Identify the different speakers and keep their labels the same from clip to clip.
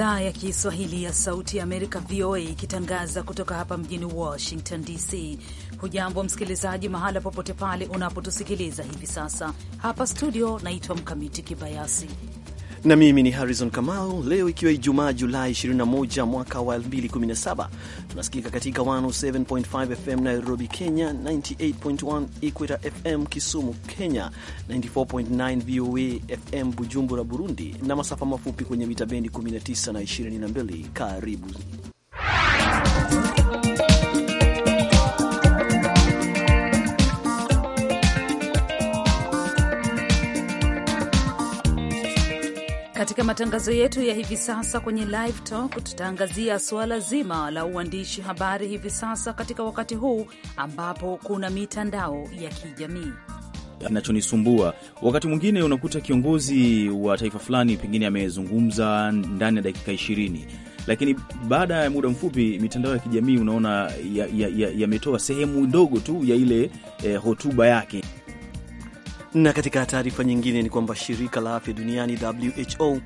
Speaker 1: idhaa ya Kiswahili ya Sauti ya Amerika, VOA, ikitangaza kutoka hapa mjini Washington DC. Hujambo msikilizaji, mahala popote pale unapotusikiliza hivi sasa. Hapa studio, naitwa Mkamiti Kibayasi
Speaker 2: na mimi ni Harrison Kamau. Leo ikiwa Ijumaa, Julai 21 mwaka wa 2017, tunasikika katika 107.5 FM Nairobi, Kenya, 98.1 Equator FM Kisumu, Kenya, 94.9 VOA FM Bujumbura, Burundi, na masafa mafupi kwenye mita bendi 19 na 22. Karibu
Speaker 1: Katika matangazo yetu ya hivi sasa kwenye Live Talk tutaangazia suala zima la uandishi habari hivi sasa katika wakati huu ambapo kuna mitandao ya kijamii
Speaker 3: kinachonisumbua wakati mwingine unakuta kiongozi wa taifa fulani pengine amezungumza ndani ya dakika ishirini, lakini baada ya muda mfupi mitandao ya kijamii unaona yametoa ya, ya, ya sehemu ndogo tu ya ile eh, hotuba yake.
Speaker 2: Na katika taarifa nyingine ni kwamba shirika la afya duniani WHO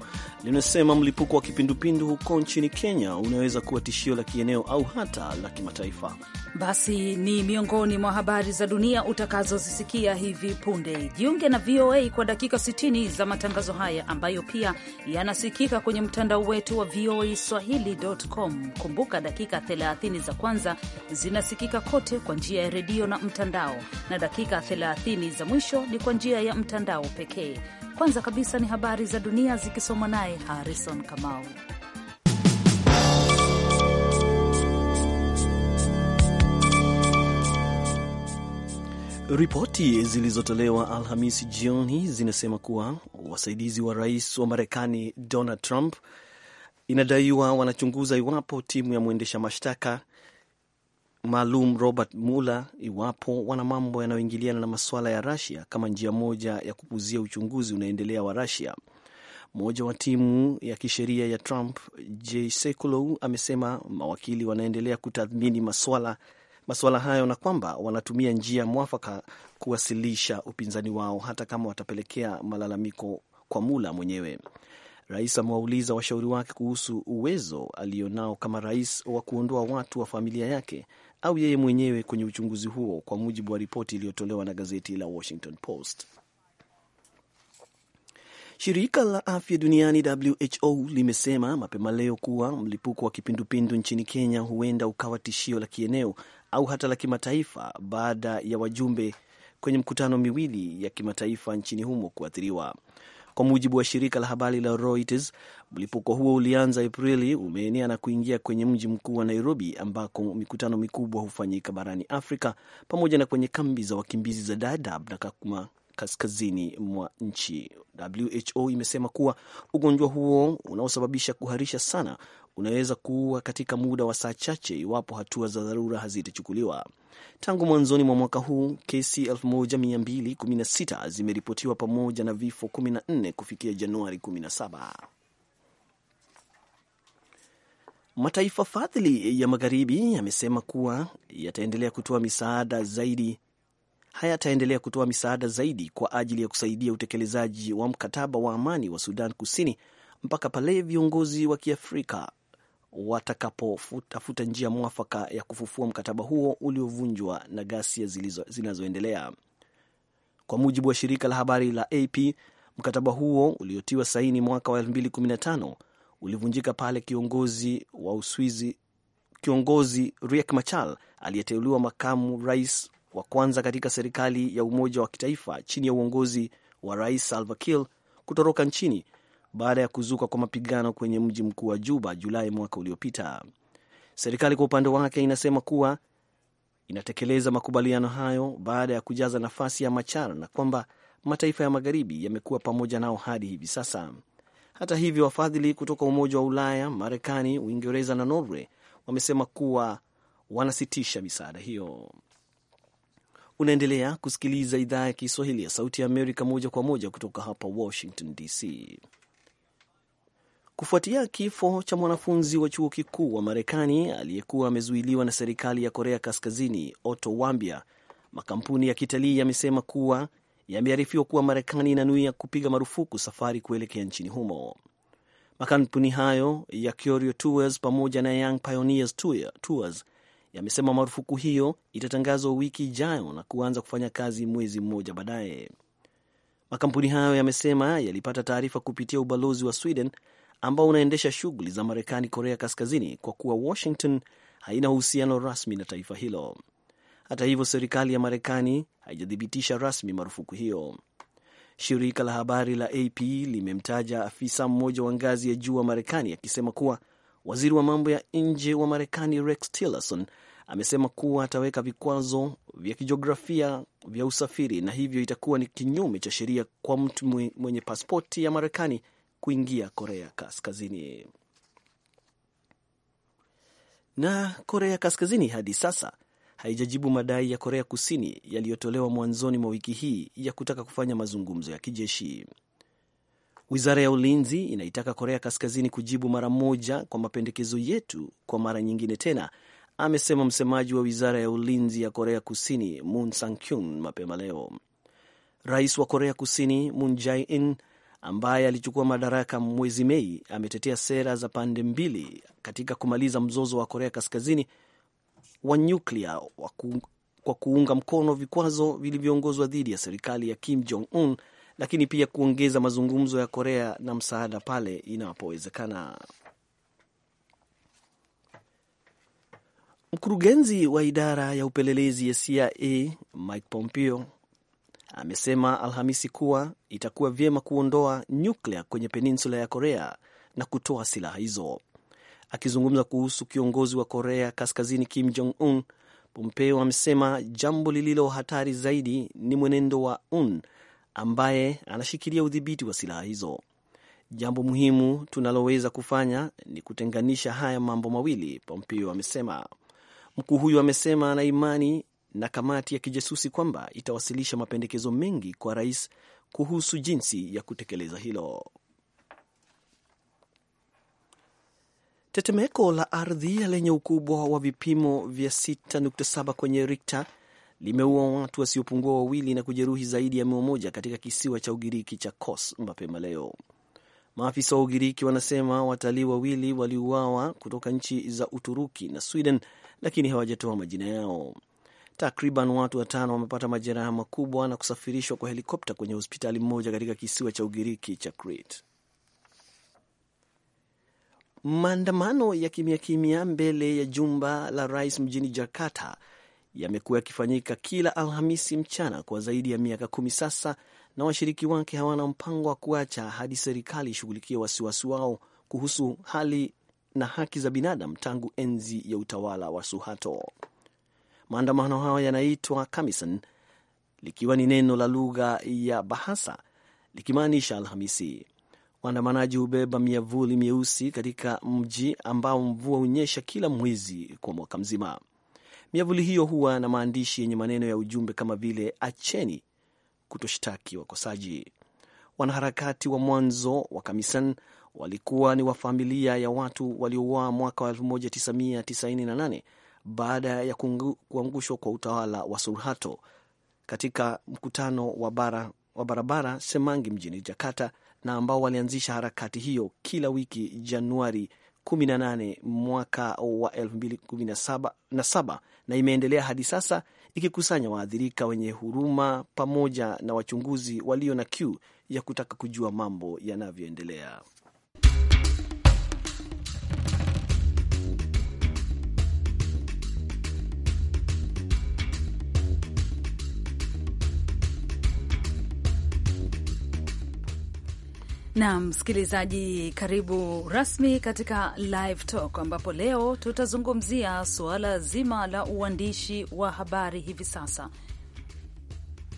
Speaker 2: linasema mlipuko wa kipindupindu huko nchini Kenya unaweza kuwa tishio la kieneo au hata la kimataifa.
Speaker 1: Basi ni miongoni mwa habari za dunia utakazozisikia hivi punde. Jiunge na VOA kwa dakika 60 za matangazo haya ambayo pia yanasikika kwenye mtandao wetu wa VOA swahili.com. Kumbuka, dakika 30 za kwanza zinasikika kote kwa njia ya redio na mtandao, na dakika 30 za mwisho ni kwa njia ya mtandao pekee. Kwanza kabisa ni habari za dunia zikisomwa naye Harrison Kamau.
Speaker 2: Ripoti zilizotolewa Alhamisi jioni zinasema kuwa wasaidizi wa rais wa Marekani Donald Trump inadaiwa wanachunguza iwapo timu ya mwendesha mashtaka maalum Robert Mueller iwapo wana mambo yanayoingiliana na masuala ya rasia kama njia moja ya kupuzia uchunguzi unaendelea wa rasia Mmoja wa timu ya kisheria ya Trump, Jay Sekulow, amesema mawakili wanaendelea kutathmini maswala, masuala hayo na kwamba wanatumia njia mwafaka kuwasilisha upinzani wao hata kama watapelekea malalamiko kwa Mula mwenyewe. Rais amewauliza washauri wake kuhusu uwezo alionao kama rais wa kuondoa watu wa familia yake au yeye mwenyewe kwenye uchunguzi huo, kwa mujibu wa ripoti iliyotolewa na gazeti la Washington Post. Shirika la afya duniani WHO limesema mapema leo kuwa mlipuko wa kipindupindu nchini Kenya huenda ukawa tishio la kieneo au hata la kimataifa baada ya wajumbe kwenye mkutano miwili ya kimataifa nchini humo kuathiriwa. Kwa mujibu wa shirika la habari la Reuters, Mlipuko huo ulianza Aprili, umeenea na kuingia kwenye mji mkuu wa Nairobi, ambako mikutano mikubwa hufanyika barani Afrika, pamoja na kwenye kambi za wakimbizi za Dadaab na Kakuma kaskazini mwa nchi. WHO imesema kuwa ugonjwa huo unaosababisha kuharisha sana unaweza kuua katika muda wa saa chache iwapo hatua za dharura hazitachukuliwa. Tangu mwanzoni mwa mwaka huu kesi 1216 zimeripotiwa pamoja na vifo 14 kufikia Januari 17. Mataifa fadhili ya magharibi yamesema kuwa yataendelea kutoa misaada zaidi hayataendelea kutoa misaada zaidi kwa ajili ya kusaidia utekelezaji wa mkataba wa amani wa Sudan Kusini mpaka pale viongozi wa Kiafrika watakapotafuta njia mwafaka ya kufufua mkataba huo uliovunjwa na ghasia zinazoendelea. Kwa mujibu wa shirika la habari la AP, mkataba huo uliotiwa saini mwaka wa 2015 ulivunjika pale kiongozi wa Uswizi, kiongozi Riek Machar aliyeteuliwa makamu rais wa kwanza katika serikali ya umoja wa kitaifa chini ya uongozi wa rais Salva Kiir kutoroka nchini baada ya kuzuka kwa mapigano kwenye mji mkuu wa Juba Julai mwaka uliopita. Serikali kwa upande wake inasema kuwa inatekeleza makubaliano hayo baada ya kujaza nafasi ya Machar na kwamba mataifa ya magharibi yamekuwa pamoja nao hadi hivi sasa. Hata hivyo, wafadhili kutoka Umoja wa Ulaya, Marekani, Uingereza na Norway wamesema kuwa wanasitisha misaada hiyo. Unaendelea kusikiliza idhaa ya Kiswahili ya Sauti ya Amerika moja kwa moja kutoka hapa Washington DC. Kufuatia kifo cha mwanafunzi wa chuo kikuu wa Marekani aliyekuwa amezuiliwa na serikali ya Korea Kaskazini, Otto Wambia, makampuni ya kitalii yamesema kuwa yamearifiwa kuwa Marekani inanuia kupiga marufuku safari kuelekea nchini humo. Makampuni hayo ya Kyorio Tours pamoja na Young Pioneers Tours yamesema marufuku hiyo itatangazwa wiki ijayo na kuanza kufanya kazi mwezi mmoja baadaye. Makampuni hayo yamesema yalipata taarifa kupitia ubalozi wa Sweden ambao unaendesha shughuli za Marekani Korea Kaskazini, kwa kuwa Washington haina uhusiano rasmi na taifa hilo. Hata hivyo, serikali ya Marekani haijathibitisha rasmi marufuku hiyo. Shirika la habari la AP limemtaja afisa mmoja wa ngazi ya juu wa Marekani akisema kuwa waziri wa mambo ya nje wa Marekani Rex Tillerson amesema kuwa ataweka vikwazo vya kijiografia vya usafiri na hivyo itakuwa ni kinyume cha sheria kwa mtu mwenye paspoti ya Marekani kuingia Korea Kaskazini. Na Korea Kaskazini hadi sasa haijajibu madai ya Korea Kusini yaliyotolewa mwanzoni mwa wiki hii ya kutaka kufanya mazungumzo ya kijeshi. Wizara ya ulinzi inaitaka Korea Kaskazini kujibu mara moja kwa mapendekezo yetu kwa mara nyingine tena, amesema msemaji wa wizara ya ulinzi ya Korea Kusini Moon Sang-kyun mapema leo. Rais wa Korea Kusini Moon Jae-in ambaye alichukua madaraka mwezi Mei ametetea sera za pande mbili katika kumaliza mzozo wa Korea Kaskazini wa nyuklia kwa kuunga mkono vikwazo vilivyoongozwa dhidi ya serikali ya Kim Jong Un, lakini pia kuongeza mazungumzo ya Korea na msaada pale inapowezekana. Mkurugenzi wa idara ya upelelezi ya CIA Mike Pompeo amesema Alhamisi kuwa itakuwa vyema kuondoa nyuklia kwenye peninsula ya Korea na kutoa silaha hizo. Akizungumza kuhusu kiongozi wa Korea Kaskazini Kim Jong Un, Pompeo amesema jambo lililo hatari zaidi ni mwenendo wa Un ambaye anashikilia udhibiti wa silaha hizo. Jambo muhimu tunaloweza kufanya ni kutenganisha haya mambo mawili, Pompeo amesema. Mkuu huyu amesema ana imani na kamati ya kijasusi kwamba itawasilisha mapendekezo mengi kwa rais kuhusu jinsi ya kutekeleza hilo. Tetemeko la ardhi lenye ukubwa wa vipimo vya 6.7 kwenye Richter limeua watu wasiopungua wawili na kujeruhi zaidi ya mia moja katika kisiwa cha Ugiriki cha Kos mapema leo. Maafisa wa Ugiriki wanasema watalii wawili waliuawa kutoka nchi za Uturuki na Sweden, lakini hawajatoa majina yao. Takriban watu watano wamepata majeraha makubwa na kusafirishwa kwa helikopta kwenye hospitali mmoja katika kisiwa cha Ugiriki cha Crete. Maandamano ya kimya kimya mbele ya jumba la rais mjini Jakarta yamekuwa yakifanyika kila Alhamisi mchana kwa zaidi ya miaka kumi sasa, na washiriki wake hawana mpango wa kuacha hadi serikali ishughulikie wasiwasi wao kuhusu hali na haki za binadamu tangu enzi ya utawala wa Suharto. Maandamano hayo yanaitwa Kamisan, likiwa ni neno la lugha ya Bahasa likimaanisha Alhamisi. Waandamanaji hubeba miavuli mieusi katika mji ambao mvua hunyesha kila mwezi kwa mwaka mzima. Miavuli hiyo huwa na maandishi yenye maneno ya ujumbe kama vile acheni kutoshtaki wakosaji. Wanaharakati wa mwanzo wa Kamisan walikuwa ni wa familia ya watu waliouawa mwaka wa 1998 baada ya kuangushwa kwa utawala wa Suharto katika mkutano wa bara wa barabara Semangi mjini Jakarta na ambao walianzisha harakati hiyo kila wiki Januari 18 mwaka wa 2017 na imeendelea hadi sasa ikikusanya waathirika wenye huruma pamoja na wachunguzi walio na kiu ya kutaka kujua mambo yanavyoendelea.
Speaker 1: Na msikilizaji, karibu rasmi katika Live Talk ambapo leo tutazungumzia suala zima la uandishi wa habari hivi sasa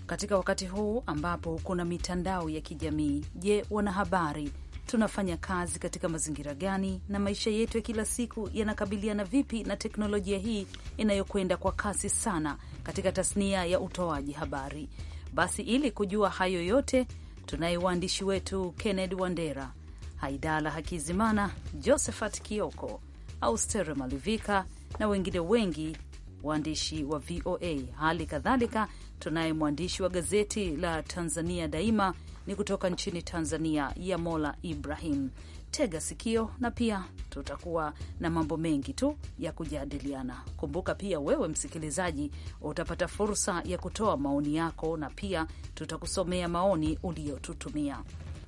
Speaker 1: katika wakati huu ambapo kuna mitandao ya kijamii. Je, wanahabari tunafanya kazi katika mazingira gani, na maisha yetu ya kila siku yanakabiliana vipi na teknolojia hii inayokwenda kwa kasi sana katika tasnia ya utoaji habari? Basi ili kujua hayo yote Tunaye waandishi wetu kenned Wandera, Haidala Hakizimana, Josephat Kioko, Austere Malivika na wengine wengi waandishi wa VOA. Hali kadhalika tunaye mwandishi wa gazeti la Tanzania Daima ni kutoka nchini Tanzania, Yamola Ibrahim tega sikio, na pia tutakuwa na mambo mengi tu ya kujadiliana. Kumbuka pia wewe msikilizaji, utapata fursa ya kutoa maoni yako, na pia tutakusomea maoni uliyotutumia.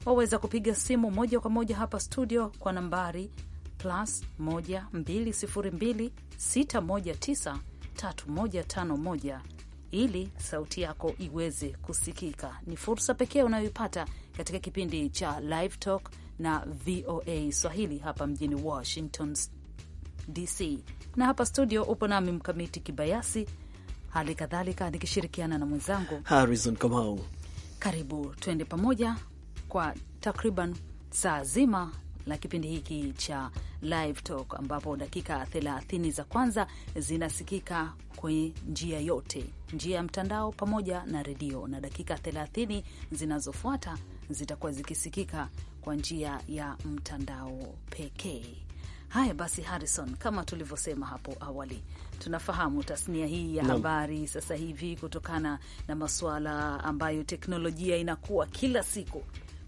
Speaker 1: Waweza kupiga simu moja kwa moja hapa studio kwa nambari plus 12026193151 ili sauti yako iweze kusikika. Ni fursa pekee unayoipata katika kipindi cha Live Talk na VOA Swahili hapa mjini Washington DC, na hapa studio upo nami Mkamiti Kibayasi, hali kadhalika nikishirikiana na mwenzangu
Speaker 2: Harrison Kamau.
Speaker 1: Karibu tuende pamoja kwa takriban saa zima la kipindi hiki cha Live Talk ambapo dakika 30 za kwanza zinasikika kwenye njia yote, njia ya mtandao pamoja na redio, na dakika 30 zinazofuata zitakuwa zikisikika kwa njia ya mtandao pekee. Haya basi, Harrison, kama tulivyosema hapo awali, tunafahamu tasnia hii ya habari sasa hivi, kutokana na masuala ambayo teknolojia inakuwa kila siku,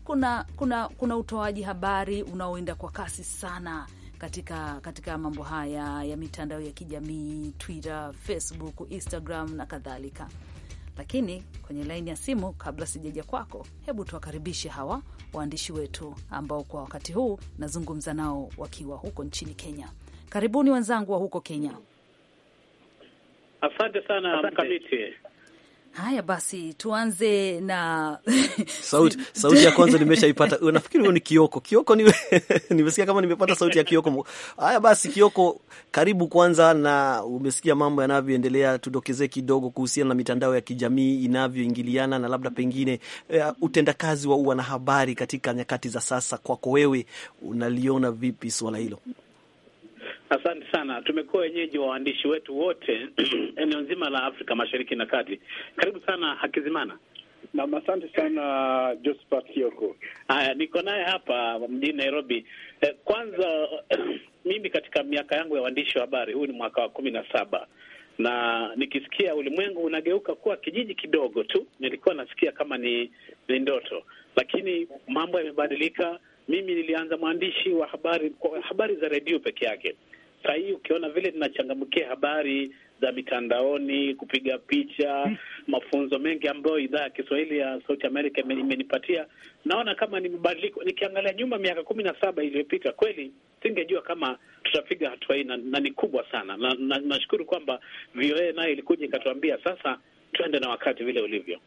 Speaker 1: kuna kuna kuna utoaji habari unaoenda kwa kasi sana katika katika mambo haya ya mitandao ya kijamii, Twitter, Facebook, Instagram na kadhalika. Lakini kwenye laini ya simu, kabla sijaja kwako, hebu tuwakaribishe hawa waandishi wetu ambao kwa wakati huu nazungumza nao wakiwa huko nchini Kenya. Karibuni wenzangu wa huko Kenya.
Speaker 4: Asante sana Mkamiti.
Speaker 1: Haya basi, tuanze na
Speaker 4: sauti sauti ya kwanza
Speaker 2: nimeshaipata. Nafikiri huyo ni Kioko. Kioko ni nimesikia kama nimepata sauti ya Kioko. Haya basi, Kioko, karibu kwanza, na umesikia mambo yanavyoendelea, tudokezee kidogo kuhusiana na mitandao ya kijamii inavyoingiliana na labda pengine uh, utendakazi wa wanahabari katika nyakati za sasa. Kwako wewe unaliona vipi swala hilo?
Speaker 4: Asante sana. Tumekuwa wenyeji wa waandishi wetu wote eneo nzima la Afrika Mashariki na Kati. Karibu sana Hakizimana. Naam, asante sana Josephat Kioko. Haya, niko naye hapa mjini Nairobi. Eh, kwanza mimi katika miaka yangu ya waandishi wa habari, huu ni mwaka wa kumi na saba na nikisikia ulimwengu unageuka kuwa kijiji kidogo tu, nilikuwa nasikia kama ni, ni ndoto, lakini mambo yamebadilika. Mimi nilianza mwandishi wa habari kwa habari za redio peke yake, saa hii ukiona vile tunachangamkia habari za mitandaoni, kupiga picha, mm. mafunzo mengi ambayo idhaa ya Kiswahili ya Sauti Amerika imenipatia, naona kama ni mbadiliko Nikiangalia nyuma miaka kumi na saba iliyopita, kweli singejua kama tutapiga hatua hii, na ni kubwa sana, na nashukuru kwamba VOA nayo ilikuja ikatuambia sasa tuende na wakati vile ulivyo.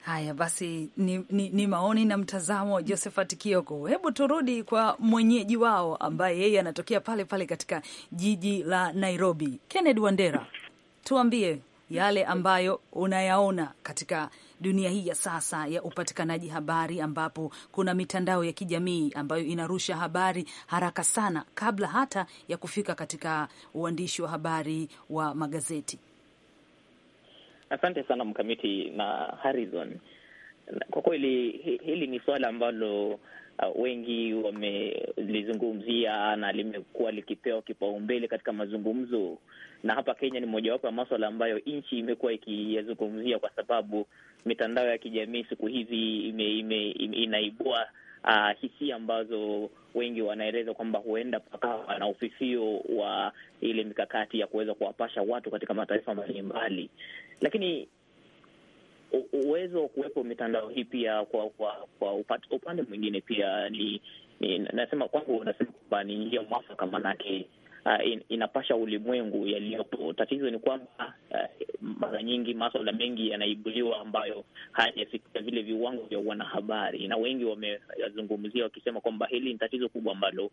Speaker 1: Haya basi, ni, ni, ni maoni na mtazamo wa Josephat Kioko. Hebu turudi kwa mwenyeji wao ambaye yeye anatokea pale pale katika jiji la Nairobi, Kennedy Wandera, tuambie yale ambayo unayaona katika dunia hii ya sasa ya upatikanaji habari ambapo kuna mitandao ya kijamii ambayo inarusha habari haraka sana kabla hata ya kufika katika uandishi wa habari wa magazeti.
Speaker 5: Asante sana Mkamiti na Harrison. Kwa kweli hili ni suala ambalo uh, wengi wamelizungumzia na limekuwa likipewa kipaumbele katika mazungumzo, na hapa Kenya ni mojawapo ya maswala ambayo nchi imekuwa ikiyazungumzia kwa sababu mitandao ya kijamii siku hizi ime, ime, ime, inaibua uh, hisia ambazo wengi wanaeleza kwamba huenda pakawa na ufifio wa ile mikakati ya kuweza kuwapasha watu katika mataifa mbalimbali lakini uwezo wa kuwepo mitandao hii pia kwa kwa, kwa upande mwingine pia ni, ni nasema kwangu nasema kwamba ni njia mwafaka, maanake uh, in, inapasha ulimwengu yaliyopo. Tatizo ni kwamba uh, mara nyingi maswala mengi yanaibuliwa ambayo hayajafikia vile viwango vya wanahabari, na wengi wameyazungumzia wakisema kwamba hili ni tatizo kubwa ambalo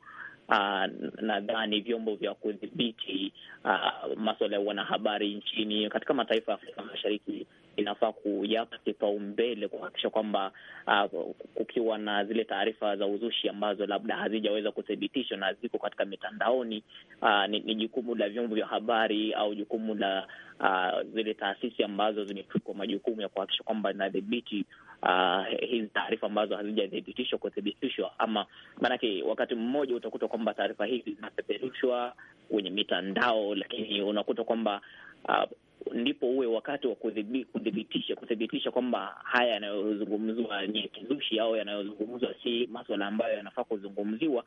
Speaker 5: uh, nadhani vyombo vya kudhibiti uh, maswala ya wanahabari nchini katika mataifa ya Afrika Mashariki inafaa kuyapa kipaumbele kuhakikisha kwamba uh, kukiwa na zile taarifa za uzushi ambazo labda hazijaweza kuthibitishwa na ziko katika mitandaoni uh, ni, ni jukumu la vyombo vya habari au jukumu la uh, zile taasisi ambazo zimefikwa majukumu ya kuhakikisha kwamba inadhibiti Uh, hizi taarifa ambazo hazijathibitishwa kuthibitishwa, ama maanake, wakati mmoja utakuta kwamba taarifa hizi zinapeperushwa kwenye mitandao, lakini unakuta kwamba uh, ndipo uwe wakati wa kuthibitisha kuthibitisha kwamba haya yanayozungumzwa ni kizushi au yanayozungumzwa si maswala ambayo yanafaa kuzungumziwa.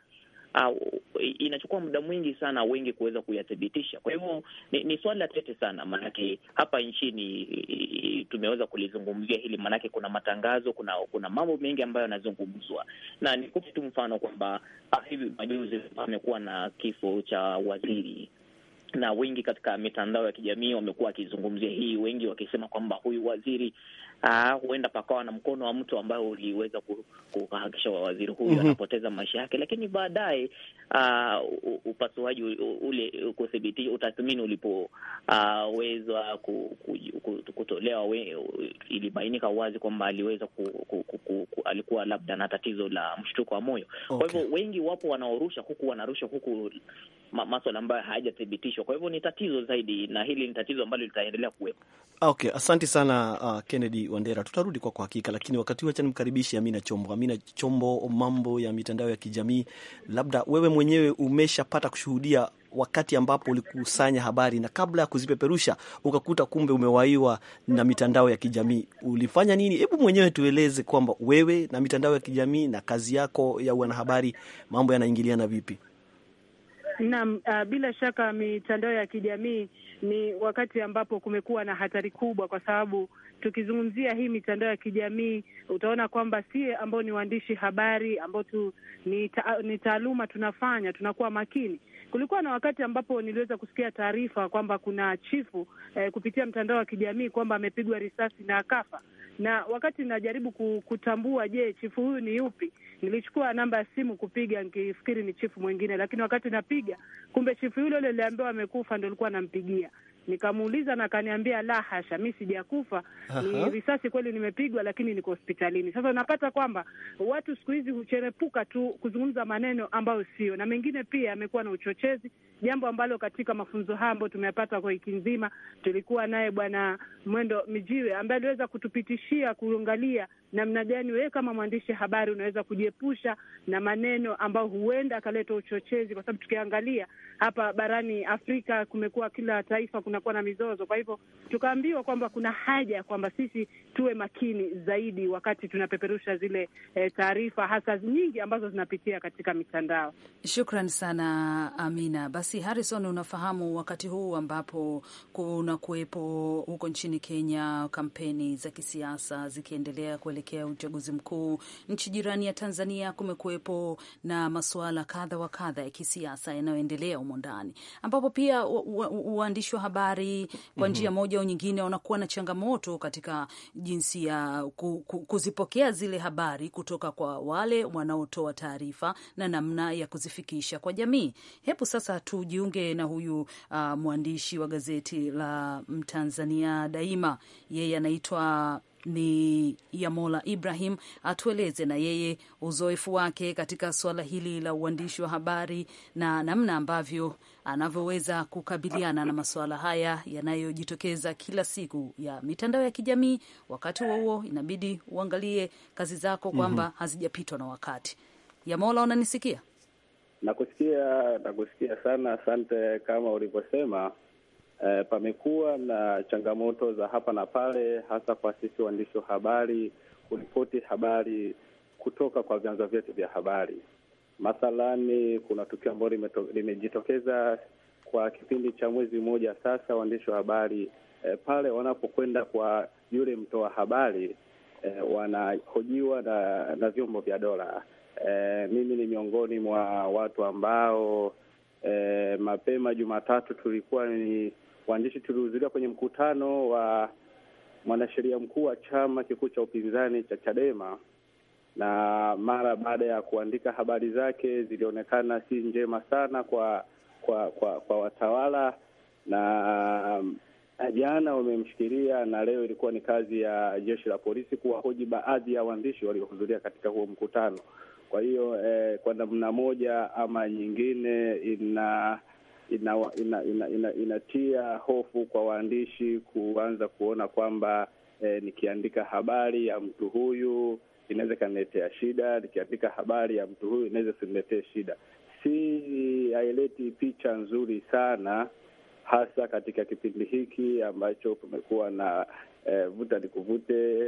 Speaker 5: Uh, inachukua muda mwingi sana wengi kuweza kuyathibitisha. Kwa hivyo ni, ni swala tete sana, maanake hapa nchini tumeweza kulizungumzia hili, maanake kuna matangazo, kuna kuna mambo mengi ambayo yanazungumzwa, na nikupe tu mfano kwamba ah, hivi majuzi pamekuwa na kifo cha waziri na wengi katika mitandao ya kijamii wamekuwa wakizungumzia hii, wengi wakisema kwamba huyu waziri Ah, huenda pakawa na mkono wa mtu ambaye uliweza kuhakikisha waziri huyu mm -hmm. anapoteza maisha yake, lakini baadaye uh, upasuaji ule kuthibitisha utathmini ulipoweza ah, uh, ku, ku, ku, kutolewa, ilibainika wazi kwamba aliweza ku, ku, ku, ku, ku, alikuwa labda na tatizo la mshtuko wa moyo okay. Kwa hivyo wengi wapo wanaorusha huku wanarusha huku ma, maswala ambayo hayajathibitishwa, kwa hivyo ni tatizo zaidi, na hili ni tatizo ambalo litaendelea kuwepo.
Speaker 2: Okay, asante sana uh, Kennedy Wandera. Tutarudi kwako kwa hakika, lakini wakati huu acha nimkaribishe Amina Chombo. Amina Chombo, mambo ya mitandao ya kijamii, labda wewe mwenyewe umeshapata kushuhudia wakati ambapo ulikusanya habari na kabla ya kuzipeperusha ukakuta kumbe umewaiwa na mitandao ya kijamii ulifanya nini? Hebu mwenyewe tueleze kwamba wewe na mitandao ya kijamii na kazi yako ya wanahabari, mambo yanaingiliana vipi?
Speaker 6: Naam, uh, bila shaka mitandao ya kijamii ni wakati ambapo kumekuwa na hatari kubwa, kwa sababu tukizungumzia hii mitandao ya kijamii utaona kwamba si ambao ni waandishi habari ambao tu ni, ta, ni taaluma tunafanya tunakuwa makini. Kulikuwa na wakati ambapo niliweza kusikia taarifa kwamba kuna chifu eh, kupitia mtandao wa kijamii kwamba amepigwa risasi na akafa, na wakati najaribu kutambua, je, chifu huyu ni yupi? Nilichukua namba ya simu kupiga nikifikiri ni chifu mwingine, lakini wakati napiga, kumbe chifu yule yule aliambiwa amekufa, ndo alikuwa anampigia. Nikamuuliza na akaniambia la hasha, mi sijakufa, ni risasi kweli nimepigwa, lakini niko hospitalini. Sasa unapata kwamba watu siku hizi hucherepuka tu kuzungumza maneno ambayo sio, na mengine pia amekuwa na uchochezi, jambo ambalo katika mafunzo haya ambayo tumeyapata kwa wiki nzima tulikuwa naye Bwana Mwendo Mijiwe ambaye aliweza kutupitishia kuangalia namna gani wewe kama mwandishi habari unaweza kujiepusha na maneno ambayo huenda akaleta uchochezi, kwa sababu tukiangalia hapa barani Afrika kumekuwa kila taifa kunakuwa na mizozo. Kwa hivyo tukaambiwa kwamba kuna haja ya kwamba sisi tuwe makini zaidi wakati tunapeperusha zile e, taarifa hasa nyingi ambazo zinapitia katika mitandao.
Speaker 1: Shukran sana Amina. Basi Harrison, unafahamu wakati huu ambapo kuna kuwepo huko nchini Kenya kampeni za kisiasa zikiendelea kuelekea kuelekea uchaguzi mkuu. Nchi jirani ya Tanzania kumekuwepo na masuala kadha wa kadha ya kisiasa yanayoendelea humo ndani, ambapo pia waandishi wa habari kwa mhm. njia moja au nyingine wanakuwa na changamoto katika jinsi ya kuzipokea zile habari kutoka kwa wale wanaotoa taarifa na namna ya kuzifikisha kwa jamii. Hebu sasa tujiunge na huyu uh, mwandishi wa gazeti la Mtanzania Daima, yeye anaitwa ni ya Mola Ibrahim atueleze na yeye uzoefu wake katika suala hili la uandishi wa habari na namna ambavyo anavyoweza kukabiliana na masuala haya yanayojitokeza kila siku ya mitandao ya kijamii. Wakati huo huo, inabidi uangalie kazi zako kwamba mm -hmm. hazijapitwa na wakati. Ya Mola, unanisikia?
Speaker 7: Nakusikia, nakusikia sana. Asante. Kama ulivyosema eh, pamekuwa na changamoto za hapa na pale, hasa kwa sisi waandishi wa habari kuripoti habari kutoka kwa vyanzo vyetu vya habari. Mathalani, kuna tukio ambalo limejitokeza kwa kipindi cha mwezi mmoja sasa, waandishi wa habari eh, pale wanapokwenda kwa yule mtoa habari eh, wanahojiwa na, na vyombo vya dola. Eh, mimi ni miongoni mwa watu ambao eh, mapema Jumatatu tulikuwa ni waandishi tulihudhuria kwenye mkutano wa mwanasheria mkuu wa chama kikuu cha upinzani cha Chadema, na mara baada ya kuandika habari zake zilionekana si njema sana kwa kwa kwa, kwa watawala na um, jana wamemshikilia na leo ilikuwa ni kazi ya jeshi la polisi kuwahoji baadhi ya waandishi waliohudhuria katika huo mkutano. Kwa hiyo eh, kwa namna moja ama nyingine ina inatia ina, ina, ina, inatia hofu kwa waandishi kuanza kuona kwamba eh, nikiandika habari ya mtu huyu inaweza ikaniletea shida, nikiandika habari ya mtu huyu inaweza siniletee shida. Si haileti picha nzuri sana, hasa katika kipindi hiki ambacho kumekuwa na eh, vuta ni kuvute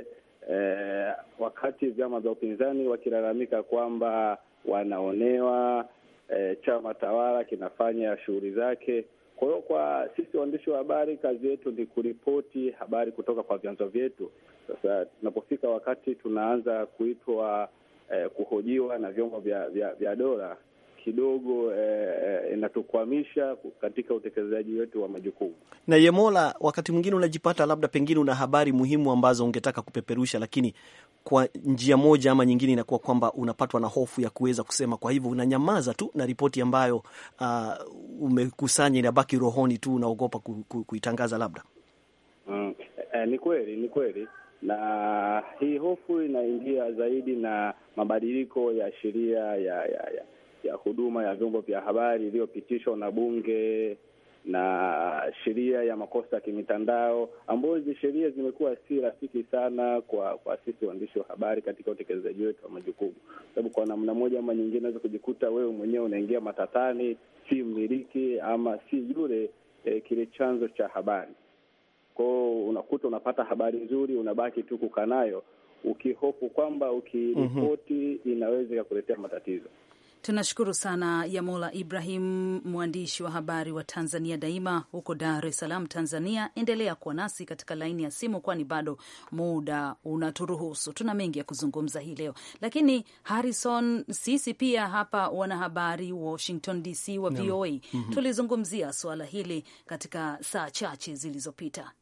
Speaker 7: eh, wakati vyama vya upinzani wakilalamika kwamba wanaonewa e, chama tawala kinafanya shughuli zake. Kwa hiyo kwa sisi waandishi wa habari, kazi yetu ni kuripoti habari kutoka kwa vyanzo vyetu. Sasa tunapofika wakati tunaanza kuitwa e, kuhojiwa na vyombo vya, vya, vya dola kidogo eh, eh, inatukwamisha katika utekelezaji wetu wa majukumu.
Speaker 2: Na Yemola, wakati mwingine unajipata labda pengine una habari muhimu ambazo ungetaka kupeperusha, lakini kwa njia moja ama nyingine inakuwa kwamba unapatwa na hofu ya kuweza kusema, kwa hivyo unanyamaza tu na ripoti ambayo uh, umekusanya inabaki rohoni tu, unaogopa kuitangaza labda.
Speaker 7: Mm, eh, ni kweli ni kweli na hii hofu inaingia zaidi na mabadiliko ya sheria ya, ya, ya, ya huduma ya vyombo vya habari iliyopitishwa na bunge na sheria ya makosa ya kimitandao, ambayo hizi sheria zimekuwa si rafiki sana kwa kwa sisi waandishi wa habari katika utekelezaji wetu wa majukumu, sababu kwa namna moja ama nyingine unaweza kujikuta wewe mwenyewe unaingia matatani, si mmiliki ama si yule eh, kile chanzo cha habari kwao, unakuta unapata habari nzuri, unabaki tu kukaa nayo ukihofu kwamba ukiripoti mm -hmm. inaweza ikakuletea matatizo.
Speaker 1: Tunashukuru sana Yamola Ibrahim, mwandishi wa habari wa Tanzania Daima huko Dar es Salaam, Tanzania. Endelea kuwa nasi katika laini ya simu, kwani bado muda unaturuhusu. Tuna mengi ya kuzungumza hii leo, lakini Harrison, sisi pia hapa wanahabari Washington DC wa VOA no. mm -hmm. tulizungumzia suala hili katika saa chache zilizopita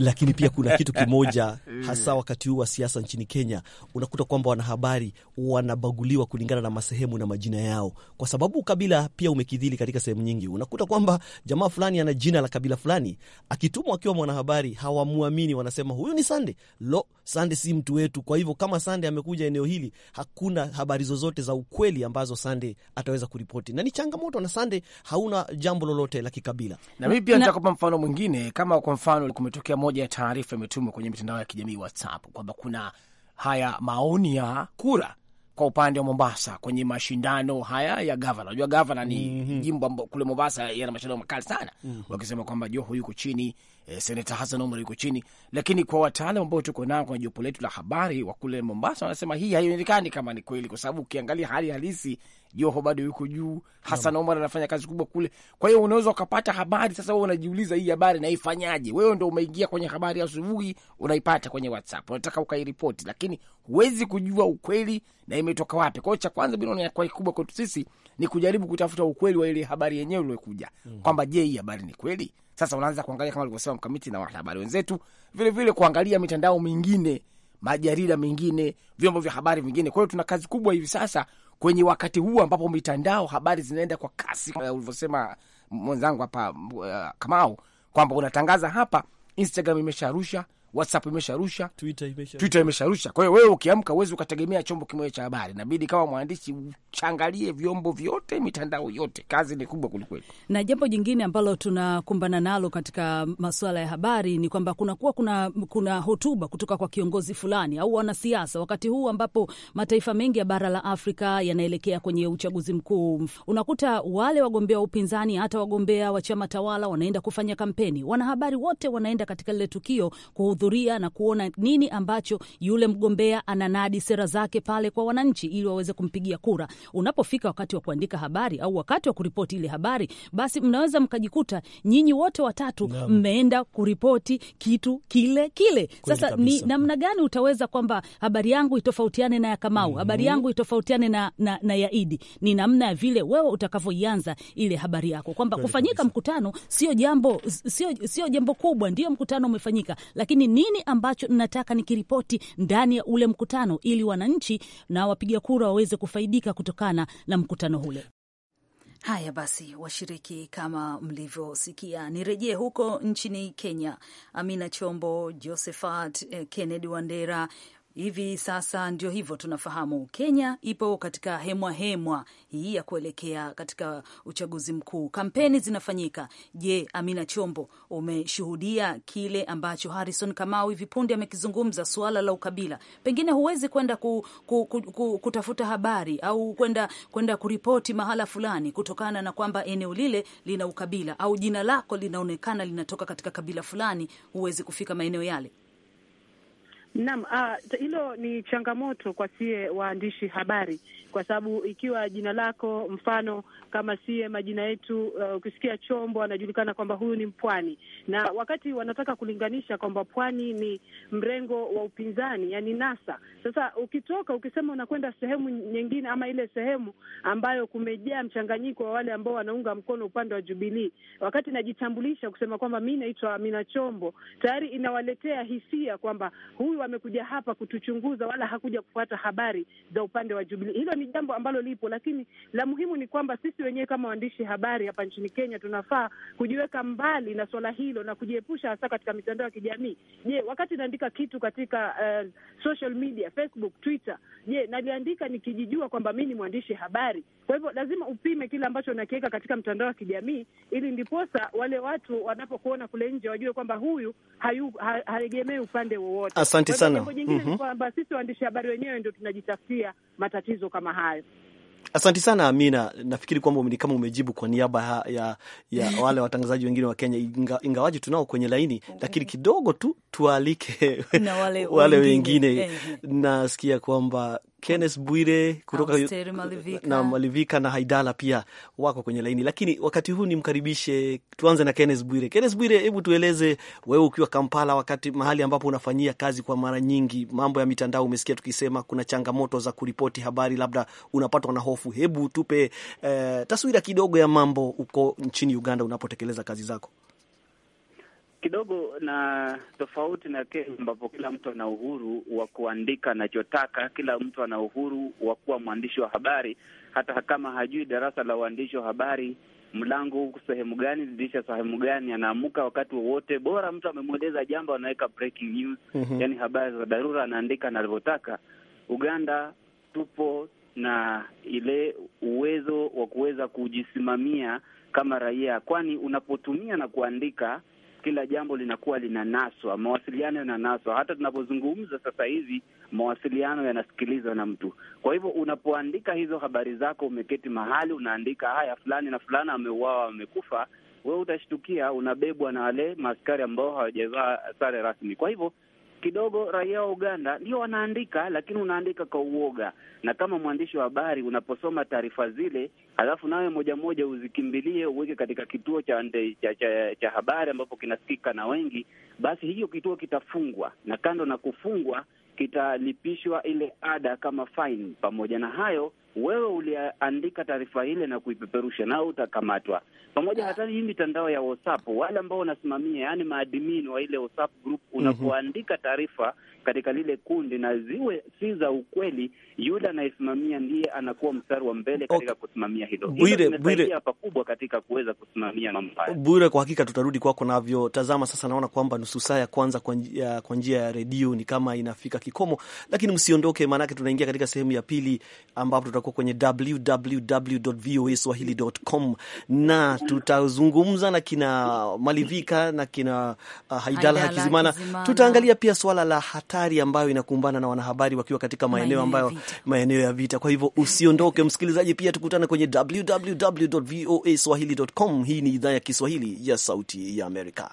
Speaker 2: lakini pia kuna kitu kimoja mm. hasa wakati huu wa siasa nchini Kenya, unakuta kwamba wanahabari wanabaguliwa kulingana na masehemu na majina yao, kwa sababu kabila pia umekidhili katika sehemu nyingi. Unakuta kwamba jamaa fulani ana jina la kabila fulani, akitumwa akiwa mwanahabari hawamwamini, wanasema huyu ni Sande. Lo, Sande si mtu wetu. Kwa hivyo kama Sande amekuja eneo hili, hakuna habari zozote za ukweli ambazo Sande ataweza kuripoti, na ni changamoto, na Sande hauna jambo lolote la kikabila. Na mimi pia nitakupa mfano mwingine, kama kwa mfano kumetokea moja ya taarifa imetumwa
Speaker 8: kwenye mitandao ya kijamii WhatsApp kwamba kuna haya maoni ya kura kwa upande wa Mombasa kwenye mashindano haya ya gavana. Unajua gavana ni mm -hmm. jimbo kule Mombasa yana mashindano makali sana mm -hmm. wakisema kwamba Joho yuko chini e, eh, seneta Hassan Omar yuko chini, lakini kwa wataalam ambao tuko nao kwenye jopo letu la habari wa kule Mombasa wanasema hii haionekani kama ni kweli, kwa sababu ukiangalia hali halisi Joho bado yuko juu, Hassan Omar anafanya kazi kubwa kule. Kwa hiyo unaweza ukapata habari sasa, wewe unajiuliza hii habari naifanyaje? Wewe ndo umeingia kwenye habari asubuhi, unaipata kwenye WhatsApp, unataka ukairipoti, lakini huwezi kujua ukweli na ime imetoka wapi. Kwa hiyo cha kwanza bila inakuwa kubwa kwetu sisi ni kujaribu kutafuta ukweli wa ile habari yenyewe iliyokuja mm. -hmm. kwamba je, hii habari ni kweli? Sasa unaanza kuangalia kama alivyosema mkamiti na wanahabari wenzetu, vile vile kuangalia mitandao mingine, majarida mengine, vyombo vya habari vingine. Kwa hiyo tuna kazi kubwa hivi sasa kwenye wakati huu ambapo mitandao habari zinaenda kwa kasi, ulivyosema mwenzangu hapa uh, Kamau, kwamba unatangaza hapa, Instagram imesharusha WhatsApp imesharusha,
Speaker 2: Twitter imesharusha, Twitter
Speaker 8: imesharusha. Kwa hiyo wewe ukiamka uwezi ukategemea chombo kimoja cha habari, inabidi kama mwandishi uchangalie vyombo vyote, mitandao yote. Kazi ni kubwa kwelikweli.
Speaker 1: Na jambo jingine ambalo tunakumbana nalo katika masuala ya habari ni kwamba kunakuwa kuna, kuna hotuba kutoka kwa kiongozi fulani au wanasiasa, wakati huu ambapo mataifa mengi ya bara la Afrika yanaelekea kwenye uchaguzi mkuu, unakuta wale wagombea wa upinzani, hata wagombea wa chama tawala wanaenda kufanya kampeni, wanahabari wote wanaenda katika lile tukio kuhudhuria na kuona nini ambacho yule mgombea ananadi sera zake pale kwa wananchi, ili waweze kumpigia kura. Unapofika wakati wa kuandika habari au wakati wa kuripoti ile habari, basi mnaweza mkajikuta nyinyi wote watatu mmeenda kuripoti kitu kile kile. Sasa ni namna gani utaweza kwamba habari yangu itofautiane na ya Kamau, mm -hmm. habari yangu itofautiane na, na, na ya Idi? Ni namna ya vile wewe utakavyoianza ile habari yako, kwamba kufanyika kabisa. mkutano sio jambo, sio jambo kubwa. Ndio mkutano umefanyika, lakini nini ambacho nataka nikiripoti ndani ya ule mkutano, ili wananchi na wapiga kura waweze kufaidika kutokana na mkutano ule. Haya basi, washiriki, kama mlivyosikia, nirejee huko nchini Kenya. Amina Chombo, Josephat eh, Kennedy Wandera hivi sasa. Ndio hivyo tunafahamu, Kenya ipo katika hemwa hemwa hii ya kuelekea katika uchaguzi mkuu, kampeni zinafanyika. Je, Amina Chombo, umeshuhudia kile ambacho Harrison Kamau hivi punde amekizungumza, suala la ukabila? Pengine huwezi kwenda ku, ku, ku, ku, kutafuta habari au kwenda kwenda kuripoti mahala fulani kutokana na kwamba eneo lile lina ukabila au jina lako linaonekana linatoka katika kabila fulani, huwezi kufika maeneo yale.
Speaker 6: Naam, ah, hilo ni changamoto kwa sie waandishi habari, kwa sababu ikiwa jina lako mfano kama sie majina yetu uh, ukisikia chombo anajulikana kwamba huyu ni mpwani, na wakati wanataka kulinganisha kwamba pwani ni mrengo wa upinzani, yani NASA. Sasa ukitoka ukisema unakwenda sehemu nyingine ama ile sehemu ambayo kumejaa mchanganyiko wa wale ambao wanaunga mkono upande wa jubilii wakati najitambulisha kusema kwamba mi naitwa Amina Chombo, tayari inawaletea hisia kwamba huyu huyu amekuja hapa kutuchunguza wala hakuja kufuata habari za upande wa Jubilee. Hilo ni jambo ambalo lipo, lakini la muhimu ni kwamba sisi wenyewe kama waandishi habari hapa nchini Kenya tunafaa kujiweka mbali na swala hilo na kujiepusha hasa katika mitandao ya kijamii. Je, wakati naandika kitu katika uh, social media, Facebook, Twitter, je, naliandika nikijijua kwamba mi ni mwandishi habari? Kwa hivyo lazima upime kile ambacho unakiweka katika mtandao wa kijamii, ili ndiposa wale watu wanapokuona kule nje wajue kwamba huyu haegemei upande wowote. Asante asante sana. Jambo jingine ni mhm. kwamba sisi waandishi habari wenyewe ndio tunajitafutia matatizo kama hayo.
Speaker 2: Asanti sana Amina, nafikiri kwamba ni kama umejibu kwa niaba ya, ya wale watangazaji wengine wa Kenya, inga, tunao kwenye laini lakini kidogo tu tualike na wale, wale wengine. Nasikia kwamba Kenneth Bwire kutoka
Speaker 1: Malivika. Na
Speaker 2: Malivika na Haidala pia wako kwenye laini, lakini wakati huu nimkaribishe, tuanze na Kenneth Bwire. Kenneth Bwire, hebu tueleze wewe, ukiwa Kampala, wakati mahali ambapo unafanyia kazi, kwa mara nyingi mambo ya mitandao umesikia tukisema kuna changamoto za kuripoti habari, labda unapatwa na hofu. Hebu tupe eh, taswira kidogo ya mambo uko nchini Uganda unapotekeleza kazi zako
Speaker 9: kidogo na tofauti na Kenya ambapo kila mtu ana uhuru wa kuandika anachotaka. Kila mtu ana uhuru wa kuwa mwandishi wa habari, hata kama hajui darasa la uandishi wa habari, mlango huku sehemu gani, dirisha sehemu gani, anaamuka wakati wowote, bora mtu amemweleza jambo, anaweka breaking news mm -hmm. Yani habari za dharura, anaandika anavyotaka. Uganda tupo na ile uwezo wa kuweza kujisimamia kama raia, kwani unapotumia na kuandika kila jambo linakuwa linanaswa, mawasiliano yananaswa. Hata tunapozungumza sasa hivi, mawasiliano yanasikilizwa na mtu. Kwa hivyo unapoandika hizo habari zako, umeketi mahali unaandika haya, fulani na fulani ameuawa, amekufa, wewe utashtukia unabebwa na wale maaskari ambao hawajavaa sare rasmi. Kwa hivyo kidogo raia wa Uganda ndio wanaandika, lakini unaandika kwa uoga. Na kama mwandishi wa habari unaposoma taarifa zile, alafu nawe moja moja uzikimbilie uweke katika kituo cha, cha, cha, cha habari ambapo kinasikika na wengi, basi hiyo kituo kitafungwa, na kando na kufungwa kitalipishwa ile ada kama fine. Pamoja na hayo wewe uliandika taarifa ile na kuipeperusha, na utakamatwa pamoja. Hata hii mitandao ya WhatsApp, wale ambao wanasimamia, yani maadmin wa ile WhatsApp group, mhm. unapoandika taarifa katika lile kundi na ziwe si za ukweli, yule anayesimamia ndiye anakuwa mstari wa mbele katika okay, kusimamia hilo. imesaidia pakubwa katika kuweza kusimamia mambo
Speaker 2: haya. Bwire, kwa hakika tutarudi kwako navyo. Tazama sasa, naona kwamba nusu saa ya kwanza kwa njia ya redio ni kama inafika kikomo, lakini msiondoke, maanake tunaingia katika sehemu ya pili ambapo kutoka kwenye www.voaswahili.com, na tutazungumza na kina Malivika na kina uh, Haidala Hakizimana. Tutaangalia pia swala la hatari ambayo inakumbana na wanahabari wakiwa katika maeneo ambayo maeneo ya vita. Kwa hivyo usiondoke msikilizaji, pia tukutane kwenye www.voaswahili.com. Hii ni idhaa ya Kiswahili ya Sauti ya Amerika.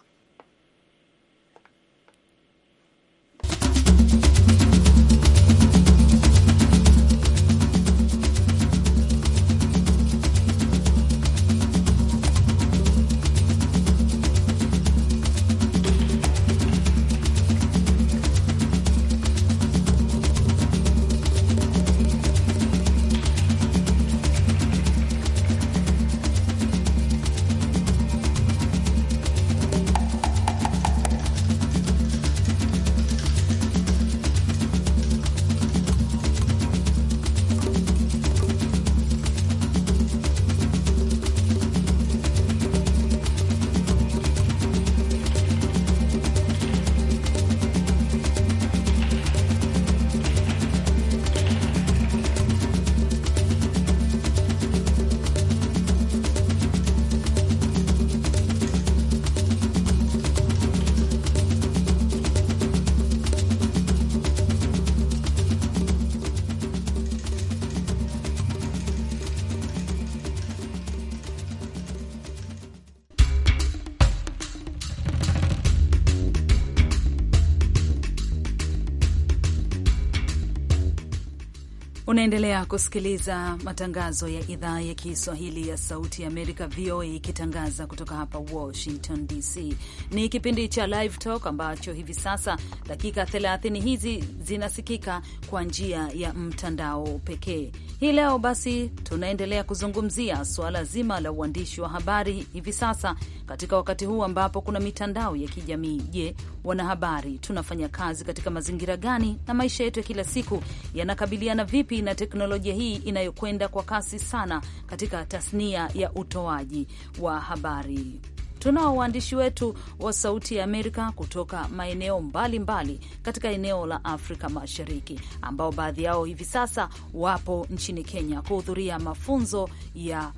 Speaker 1: Unaendelea kusikiliza matangazo ya idhaa ya Kiswahili ya Sauti ya Amerika, VOA, ikitangaza kutoka hapa Washington DC. Ni kipindi cha Live Talk ambacho hivi sasa dakika 30 hizi zinasikika kwa njia ya mtandao pekee. Hii leo basi tunaendelea kuzungumzia suala zima la uandishi wa habari hivi sasa katika wakati huu ambapo kuna mitandao ya kijamii. Je, wanahabari tunafanya kazi katika mazingira gani, na maisha yetu ya kila siku yanakabiliana vipi na teknolojia hii inayokwenda kwa kasi sana katika tasnia ya utoaji wa habari? Tunao waandishi wetu wa Sauti ya Amerika kutoka maeneo mbalimbali katika eneo la Afrika Mashariki, ambao baadhi yao hivi sasa wapo nchini Kenya kuhudhuria mafunzo ya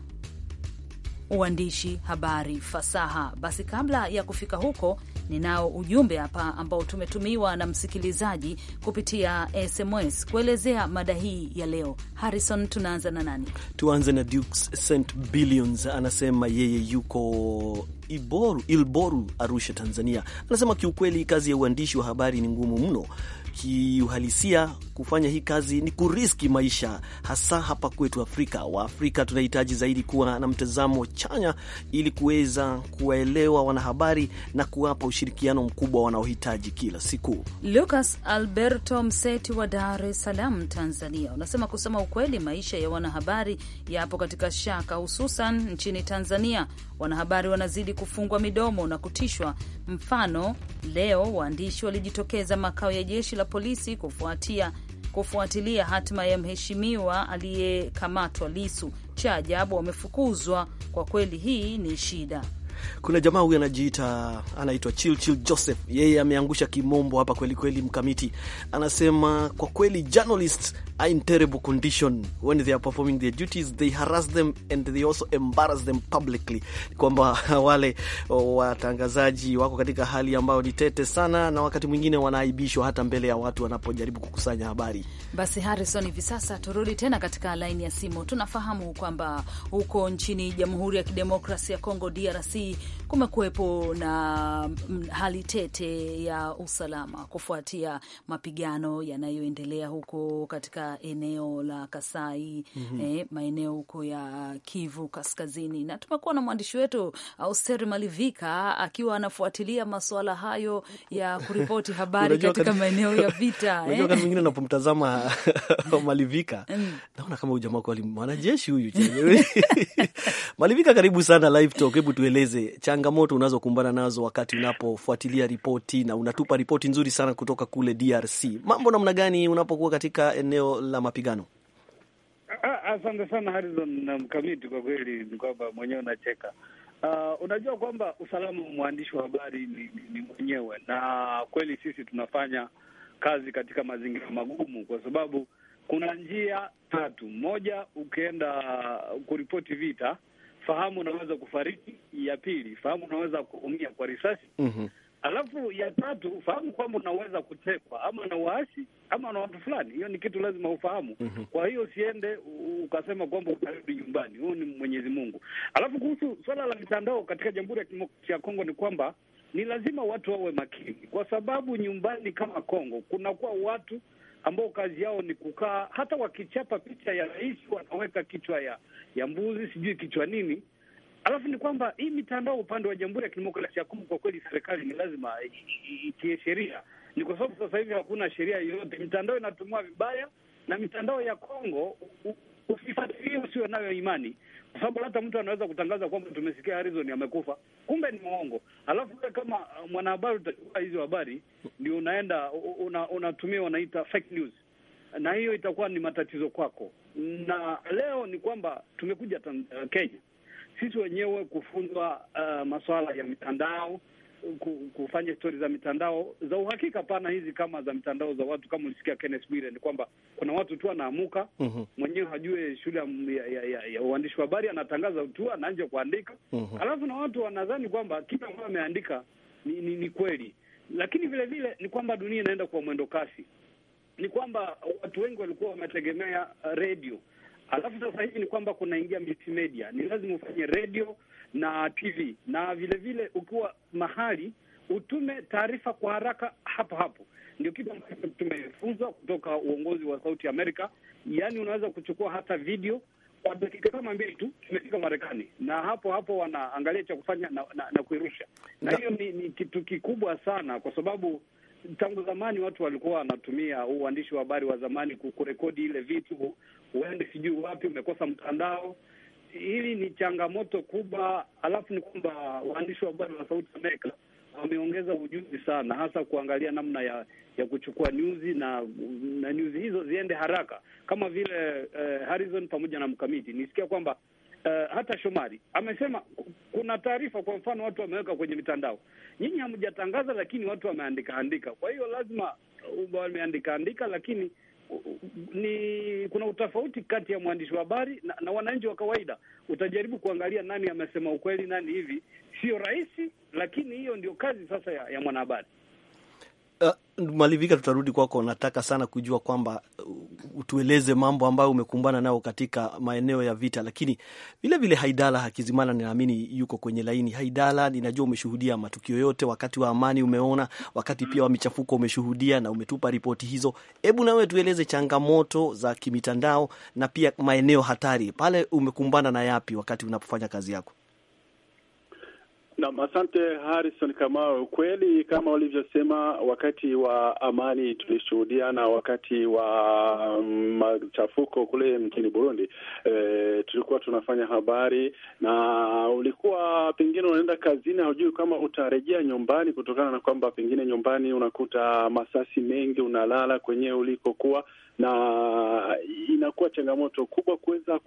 Speaker 1: uandishi habari fasaha. Basi kabla ya kufika huko, ninao ujumbe hapa ambao tumetumiwa na msikilizaji kupitia SMS kuelezea mada hii ya leo. Harrison, tunaanza na nani?
Speaker 2: Tuanze na Dukes St Billions, anasema yeye yuko Iboru, Ilboru, Arusha, Tanzania, anasema kiukweli kazi ya uandishi wa habari ni ngumu mno, kiuhalisia kufanya hii kazi ni kuriski maisha, hasa hapa kwetu Afrika. Waafrika tunahitaji zaidi kuwa na mtazamo chanya ili kuweza kuwaelewa wanahabari na kuwapa ushirikiano mkubwa wanaohitaji kila siku.
Speaker 1: Lucas Alberto Mseti wa Dar es Salaam, Tanzania, unasema kusema ukweli, maisha ya wanahabari yapo katika shaka, hususan nchini Tanzania. Wanahabari wanazidi kufungwa midomo na kutishwa. Mfano, leo waandishi walijitokeza makao ya jeshi la polisi kufuatia kufuatilia hatima ya mheshimiwa aliyekamatwa Lisu. Cha ajabu wamefukuzwa. Kwa kweli hii ni shida.
Speaker 2: Kuna jamaa huyu anajiita anaitwa Chilchil Joseph, yeye ameangusha kimombo hapa kweli kweli. Mkamiti anasema kwa kweli journalist are in terrible condition when they are performing their duties they harass them and they also embarrass them publicly, kwamba wale watangazaji wako katika hali ambayo ni tete sana, na wakati mwingine wanaaibishwa hata mbele ya watu wanapojaribu kukusanya habari.
Speaker 1: Basi Harrison, hivi sasa turudi tena katika laini ya simu. Tunafahamu kwamba huko nchini Jamhuri ya Kidemokrasia ya Kongo DRC kumekuwepo na mm, hali tete ya usalama kufuatia mapigano yanayoendelea huko katika eneo la Kasai mm -hmm. eh, maeneo huko ya Kivu Kaskazini, na tumekuwa na mwandishi wetu Austeri Malivika akiwa anafuatilia masuala hayo ya kuripoti habari katika maeneo ya vita. Unajua, eh. mwingine
Speaker 2: unapomtazama Malivika mm. naona kama huyu jamaa kweli mwanajeshi huyu. Malivika, karibu sana Live Talk. Hebu tueleze changamoto unazokumbana nazo wakati unapofuatilia ripoti, na unatupa ripoti nzuri sana kutoka kule DRC. Mambo namna gani unapokuwa katika eneo la mapigano?
Speaker 10: Ah, ah, asante sana Harizon na Mkamiti, kwa kweli ni kwamba mwenyewe unacheka. Uh, unajua kwamba usalama wa mwandishi wa habari ni, ni mwenyewe, na kweli sisi tunafanya kazi katika mazingira magumu, kwa sababu kuna njia tatu. Moja, ukienda kuripoti vita, fahamu unaweza kufariki. Ya pili, fahamu unaweza kuumia kwa risasi. mm -hmm. Alafu ya tatu, ufahamu kwamba unaweza kutekwa ama na waasi ama na watu fulani. Hiyo ni kitu lazima ufahamu. mm -hmm. Kwa hiyo usiende ukasema kwamba utarudi nyumbani, huyu ni Mwenyezi Mungu. Alafu kuhusu swala la mitandao katika Jamhuri ya Kidemokrasia ya Kongo ni kwamba ni lazima watu wawe makini, kwa sababu nyumbani kama Kongo kunakuwa watu ambao kazi yao ni kukaa, hata wakichapa picha ya rais wanaweka kichwa ya, ya mbuzi sijui kichwa nini Alafu ni kwamba hii mitandao upande wa Jamhuri ya Kidemokrasia ya Kongo, kwa kweli serikali ni lazima itie sheria, ni kwa sababu sasa hivi hakuna sheria yoyote. Mitandao inatumiwa vibaya, na mitandao ya Kongo usifatilie, usiwe nayo imani, kwa sababu hata mtu anaweza kutangaza kwamba tumesikia Harrison amekufa, kumbe ni mwongo. Alafu kama uh, mwanahabari utachukua hizo habari, ndio unaenda unatumia, una wanaita fake news, na hiyo itakuwa ni matatizo kwako. Na leo ni kwamba tumekuja uh, Kenya sisi wenyewe kufunzwa uh, masuala ya mitandao kufanya stori za mitandao za uhakika pana hizi kama za mitandao za watu kama ulisikia Kenneth Bwire, ni kwamba kuna watu tu anaamuka uh mhm. -huh. mwenyewe hajue shule ya, ya, ya, ya uandishi wa habari anatangaza tu anaanza kuandika uh mhm. -huh. alafu na watu wanadhani kwamba kila ambayo ameandika ni, ni, ni kweli, lakini vile vile ni kwamba dunia inaenda kwa mwendo kasi. Ni kwamba watu wengi walikuwa wametegemea redio Alafu sasa hivi ni kwamba kunaingia multimedia, ni lazima ufanye redio na TV na vilevile vile ukiwa mahali utume taarifa kwa haraka hapo hapo. Ndio kitu ambacho tumefunzwa kutoka uongozi wa Sauti Amerika, yaani unaweza kuchukua hata video kwa dakika kama mbili tu, tumefika Marekani na hapo hapo wanaangalia cha kufanya na, na, na kuirusha na hiyo ni, ni kitu kikubwa sana, kwa sababu tangu zamani watu walikuwa wanatumia uandishi wa habari wa zamani kurekodi ile vitu uende sijui wapi, umekosa mtandao. Hili ni changamoto kubwa. Alafu ni kwamba waandishi wa habari wa Sauti Amerika wameongeza ujuzi sana, hasa kuangalia namna ya ya kuchukua nyuzi na na nyuzi hizo ziende haraka, kama vile eh, Harrison pamoja na mkamiti nisikia kwamba eh, hata Shomari amesema kuna taarifa, kwa mfano watu wameweka kwenye mitandao, nyinyi hamjatangaza, lakini watu wameandika andika. Kwa hiyo lazima eh, wameandika andika, lakini ni kuna utofauti kati ya mwandishi wa habari na, na wananchi wa kawaida. Utajaribu kuangalia nani amesema ukweli, nani hivi. Sio rahisi, lakini hiyo ndio kazi sasa ya, ya mwanahabari.
Speaker 2: Uh, Malivika, tutarudi kwako. Nataka sana kujua kwamba uh, utueleze mambo ambayo umekumbana nayo katika maeneo ya vita, lakini vilevile Haidala Hakizimana ninaamini yuko kwenye laini. Haidala, ninajua umeshuhudia matukio yote, wakati wa amani umeona, wakati pia wa michafuko umeshuhudia na umetupa ripoti hizo. Hebu nawe tueleze changamoto za kimitandao na pia maeneo hatari pale umekumbana na yapi wakati unapofanya kazi yako?
Speaker 11: Naam, asante Harrison Kamau. Kweli kama ulivyosema, wakati wa amani tulishuhudia na wakati wa mm, machafuko kule nchini Burundi e, tulikuwa tunafanya habari na ulikuwa pengine unaenda kazini, haujui kama utarejea nyumbani, kutokana na kwamba pengine nyumbani unakuta masasi mengi, unalala kwenyewe ulikokuwa, na inakuwa changamoto kubwa kuweza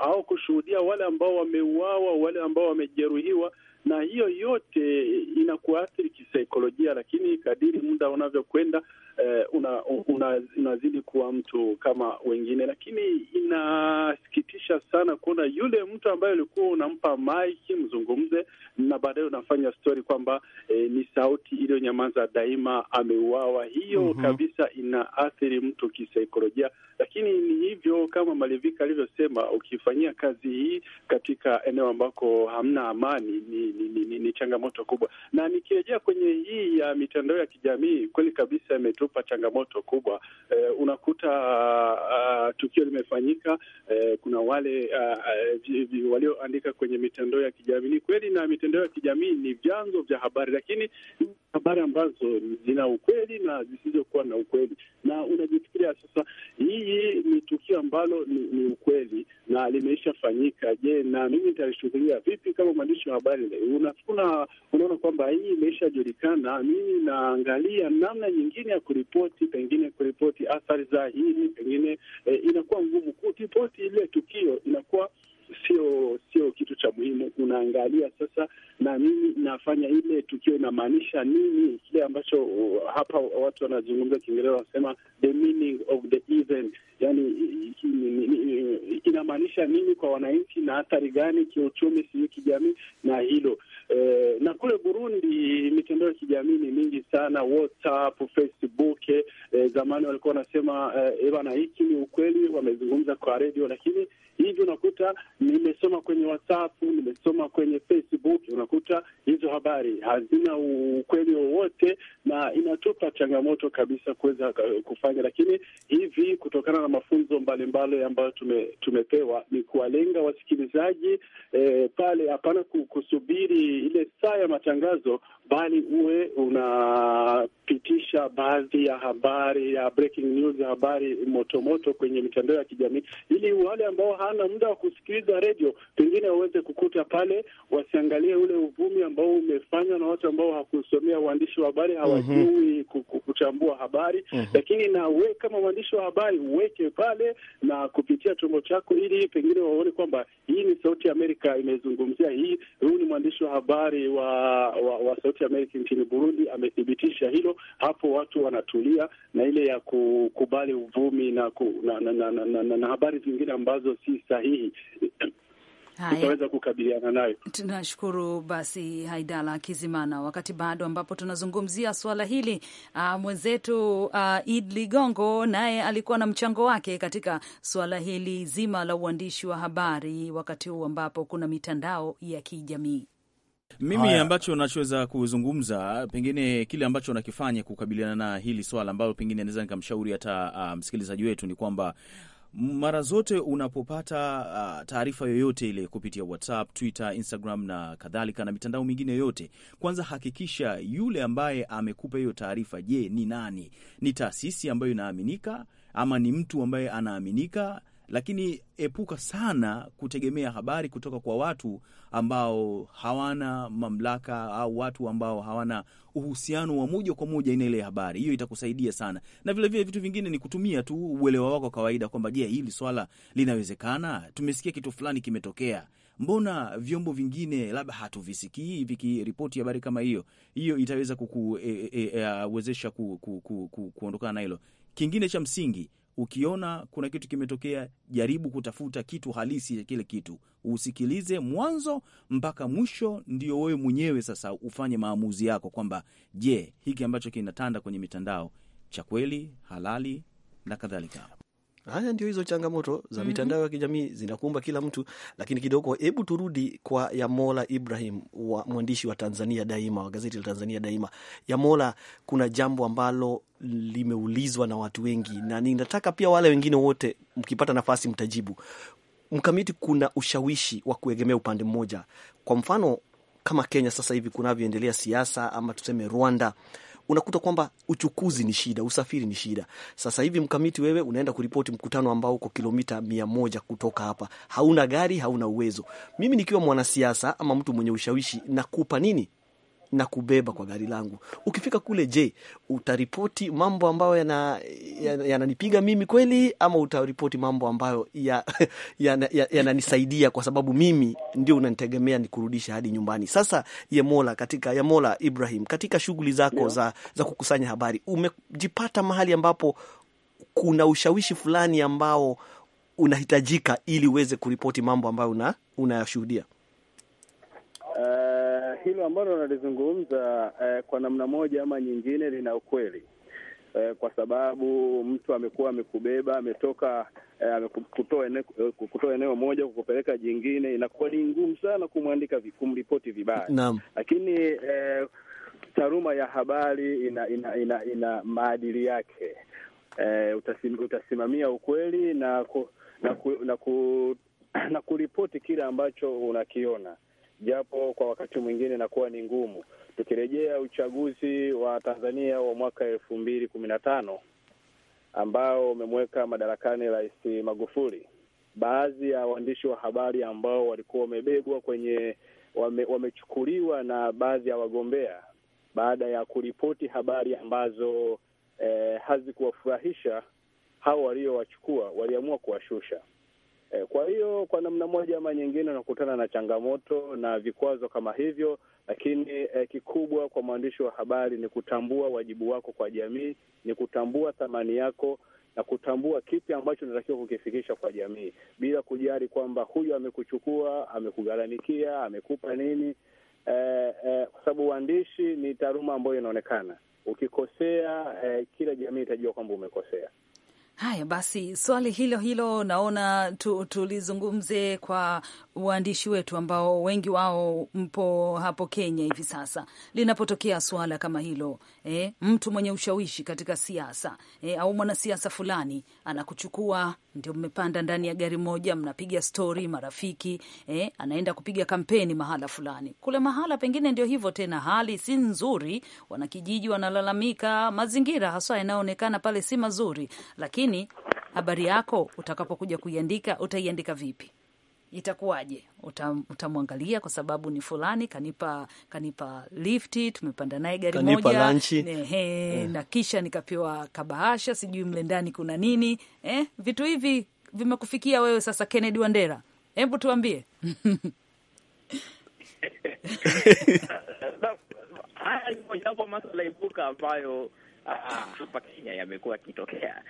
Speaker 11: au kushuhudia wale ambao wameuawa, wale ambao wamejeruhiwa na hiyo yote inakuathiri kisaikolojia, lakini kadiri muda unavyokwenda eh, una, una, unazidi kuwa mtu kama wengine. Lakini inasikitisha sana kuona yule mtu ambaye ulikuwa unampa maiki mzungumze, na baadaye unafanya stori kwamba eh, ni sauti iliyonyamaza daima ameuawa. Hiyo mm -hmm. kabisa inaathiri mtu kisaikolojia, lakini ni hivyo kama Malivika alivyosema, ukifanyia kazi hii katika eneo ambako hamna amani ni ni, ni, ni, changamoto kubwa. Na nikirejea kwenye hii ya mitandao ya kijamii, kweli kabisa imetupa changamoto kubwa. Eh, unakuta uh, tukio limefanyika, eh, kuna wale uh, walioandika kwenye mitandao ya kijamii. Ni kweli na mitandao ya kijamii ni vyanzo vya habari, lakini habari ambazo zina ukweli na zisizokuwa na ukweli, na unajifikiria sasa, hii ni tukio ambalo ni, ni ukweli na limeisha fanyika. Je, na mimi nitalishughulia vipi kama mwandishi wa habari? Una Uh, unaona kwamba hii imeshajulikana, mimi naangalia namna nyingine ya kuripoti, pengine kuripoti athari za hili, pengine eh, inakuwa ngumu kuripoti ile tukio, inakuwa sio sio kitu cha muhimu. Unaangalia sasa, na mimi nafanya ile tukio inamaanisha nini, kile ambacho uh, hapa watu wanazungumza Kiingereza wanasema the meaning of the event, yani inamaanisha nini kwa wananchi na athari gani kiuchumi, sijui kijamii na hilo eh, na kule Burundi mitandao ya kijamii ni mingi sana, WhatsApp, Facebook E, zamani walikuwa wanasema eh, bana, hiki ni ukweli, wamezungumza kwa redio, lakini hivyo unakuta nimesoma kwenye WhatsApp, nimesoma kwenye Facebook, unakuta hizo habari hazina ukweli wowote, na inatupa changamoto kabisa kuweza kufanya. Lakini hivi kutokana na mafunzo mbalimbali ambayo tume, tumepewa ni kuwalenga wasikilizaji eh, pale, hapana kusubiri ile saa ya matangazo, bali uwe unapitisha baadhi ya habari ya breaking news, habari motomoto kwenye mitandao ya kijamii, ili wale ambao hana muda wa kusikiliza wa redio pengine waweze kukuta pale, wasiangalie ule uvumi ambao umefanywa na watu ambao hakusomea uandishi wa habari, mhm. hawajui kuchambua habari mhm. Lakini na we kama mwandishi wa habari uweke pale na kupitia chombo chako, ili pengine waone kwamba hii ni Sauti ya Amerika imezungumzia hii. Huyu ni mwandishi wa habari wa, wa, wa Sauti ya Amerika nchini Burundi, amethibitisha hilo. Hapo watu wanatulia na ile ya kukubali uvumi na, ku, na, na, na, na, na, na habari zingine ambazo si sahihi tutaweza kukabiliana nayo.
Speaker 1: Tunashukuru basi Haidala Kizimana. Wakati bado ambapo tunazungumzia suala hili, uh, mwenzetu uh, Id Ligongo naye alikuwa na mchango wake katika suala hili zima la uandishi wa habari, wakati huu ambapo kuna mitandao ya kijamii. Mimi Haya,
Speaker 3: ambacho nachoweza kuzungumza pengine kile ambacho nakifanya kukabiliana na hili swala ambalo pengine naweza nikamshauri hata uh, msikilizaji wetu ni kwamba mara zote unapopata uh, taarifa yoyote ile kupitia WhatsApp, Twitter, Instagram na kadhalika na mitandao mingine yoyote, kwanza hakikisha yule ambaye amekupa hiyo taarifa, je, ni nani? Ni taasisi ambayo inaaminika ama ni mtu ambaye anaaminika lakini epuka sana kutegemea habari kutoka kwa watu ambao hawana mamlaka au watu ambao hawana uhusiano wa moja kwa moja na ile habari. Hiyo itakusaidia sana, na vilevile vile vitu vingine ni kutumia tu uelewa wako wa kawaida kwamba, je, hili swala linawezekana? Tumesikia kitu fulani kimetokea mbona vyombo vingine labda hatuvisikii vikiripoti habari kama hiyo? Hiyo itaweza kukuwezesha e, e, e, ku, ku, ku, ku, kuondokana na hilo. Kingine cha msingi Ukiona kuna kitu kimetokea, jaribu kutafuta kitu halisi cha kile kitu, usikilize mwanzo mpaka mwisho, ndio wewe mwenyewe sasa ufanye maamuzi yako kwamba je, hiki ambacho kinatanda kwenye mitandao cha kweli,
Speaker 2: halali
Speaker 3: na kadhalika.
Speaker 2: Haya ndio hizo changamoto za mhm. mitandao mm -hmm. ya kijamii zinakumba kila mtu, lakini kidogo, hebu turudi kwa Yamola Ibrahim wa mwandishi wa Tanzania Daima wa gazeti la Tanzania Daima. Yamola, kuna jambo ambalo limeulizwa na watu wengi na ninataka pia wale wengine wote mkipata nafasi mtajibu. Mkamiti, kuna ushawishi wa kuegemea upande mmoja, kwa mfano kama Kenya sasa hivi kunavyoendelea siasa, ama tuseme Rwanda unakuta kwamba uchukuzi ni shida, usafiri ni shida. Sasa hivi mkamiti, wewe unaenda kuripoti mkutano ambao uko kilomita mia moja kutoka hapa, hauna gari, hauna uwezo. Mimi nikiwa mwanasiasa ama mtu mwenye ushawishi, nakupa nini na kubeba kwa gari langu. Ukifika kule, je, utaripoti mambo ambayo yananipiga yana, yana mimi kweli ama utaripoti mambo ambayo yananisaidia ya, ya, ya kwa sababu mimi ndio unanitegemea nikurudisha hadi nyumbani. Sasa Yemola, katika Yemola Ibrahim, katika shughuli zako yeah, za, za kukusanya habari umejipata mahali ambapo kuna ushawishi fulani ambao unahitajika ili uweze kuripoti mambo ambayo unayashuhudia
Speaker 7: una eh, hilo ambalo nalizungumza eh, kwa namna moja ama nyingine lina ukweli eh, kwa sababu mtu amekuwa amekubeba ametoka eh, kutoa eneo moja kukupeleka jingine, inakuwa ni ngumu sana kumwandika, kumripoti vibaya. Naam, lakini eh, taaluma ya habari ina ina, ina, ina maadili yake eh, utasim, utasimamia ukweli na ku, na ku, na ku, na kuripoti kile ambacho unakiona japo kwa wakati mwingine inakuwa ni ngumu. Tukirejea uchaguzi wa Tanzania wa mwaka elfu mbili kumi na tano ambao umemweka madarakani Rais Magufuli, baadhi ya waandishi wa habari ambao walikuwa wamebebwa kwenye wame, wamechukuliwa na baadhi ya wagombea baada ya kuripoti habari ambazo eh, hazikuwafurahisha hao waliowachukua, waliamua kuwashusha. Eh, kwa hiyo kwa namna moja ama nyingine unakutana na changamoto na vikwazo kama hivyo, lakini eh, kikubwa kwa mwandishi wa habari ni kutambua wajibu wako kwa jamii, ni kutambua thamani yako na kutambua kipi ambacho unatakiwa kukifikisha kwa jamii, bila kujali kwamba huyu amekuchukua, amekugharamikia, amekupa nini, eh, eh, kwa sababu uandishi ni taaluma ambayo inaonekana. Ukikosea eh, kila jamii itajua kwamba umekosea.
Speaker 1: Haya basi, swali hilo hilo naona tu, tulizungumze kwa waandishi wetu ambao wengi wao mpo hapo Kenya hivi sasa, linapotokea suala kama hilo eh, mtu mwenye ushawishi katika siasa eh, au mwanasiasa fulani anakuchukua, ndio mmepanda ndani ya gari moja, mnapiga stori marafiki eh, anaenda kupiga kampeni mahala fulani kule, mahala pengine ndio hivyo tena, hali si nzuri, wanakijiji wanalalamika, mazingira haswa yanayoonekana pale si mazuri, lakini habari yako utakapokuja kuiandika utaiandika vipi? itakuwaje? Utamwangalia kwa sababu ni fulani kanipa kanipa lifti, tumepanda naye gari moja nehe, yeah. na kisha nikapewa kabahasha, sijui mle ndani kuna nini eh, vitu hivi vimekufikia wewe sasa, Kennedy Wandera, hebu tuambie.
Speaker 5: Haya ni mojawapo ibuka ambayo ah, hapa Kenya yamekuwa yakitokea,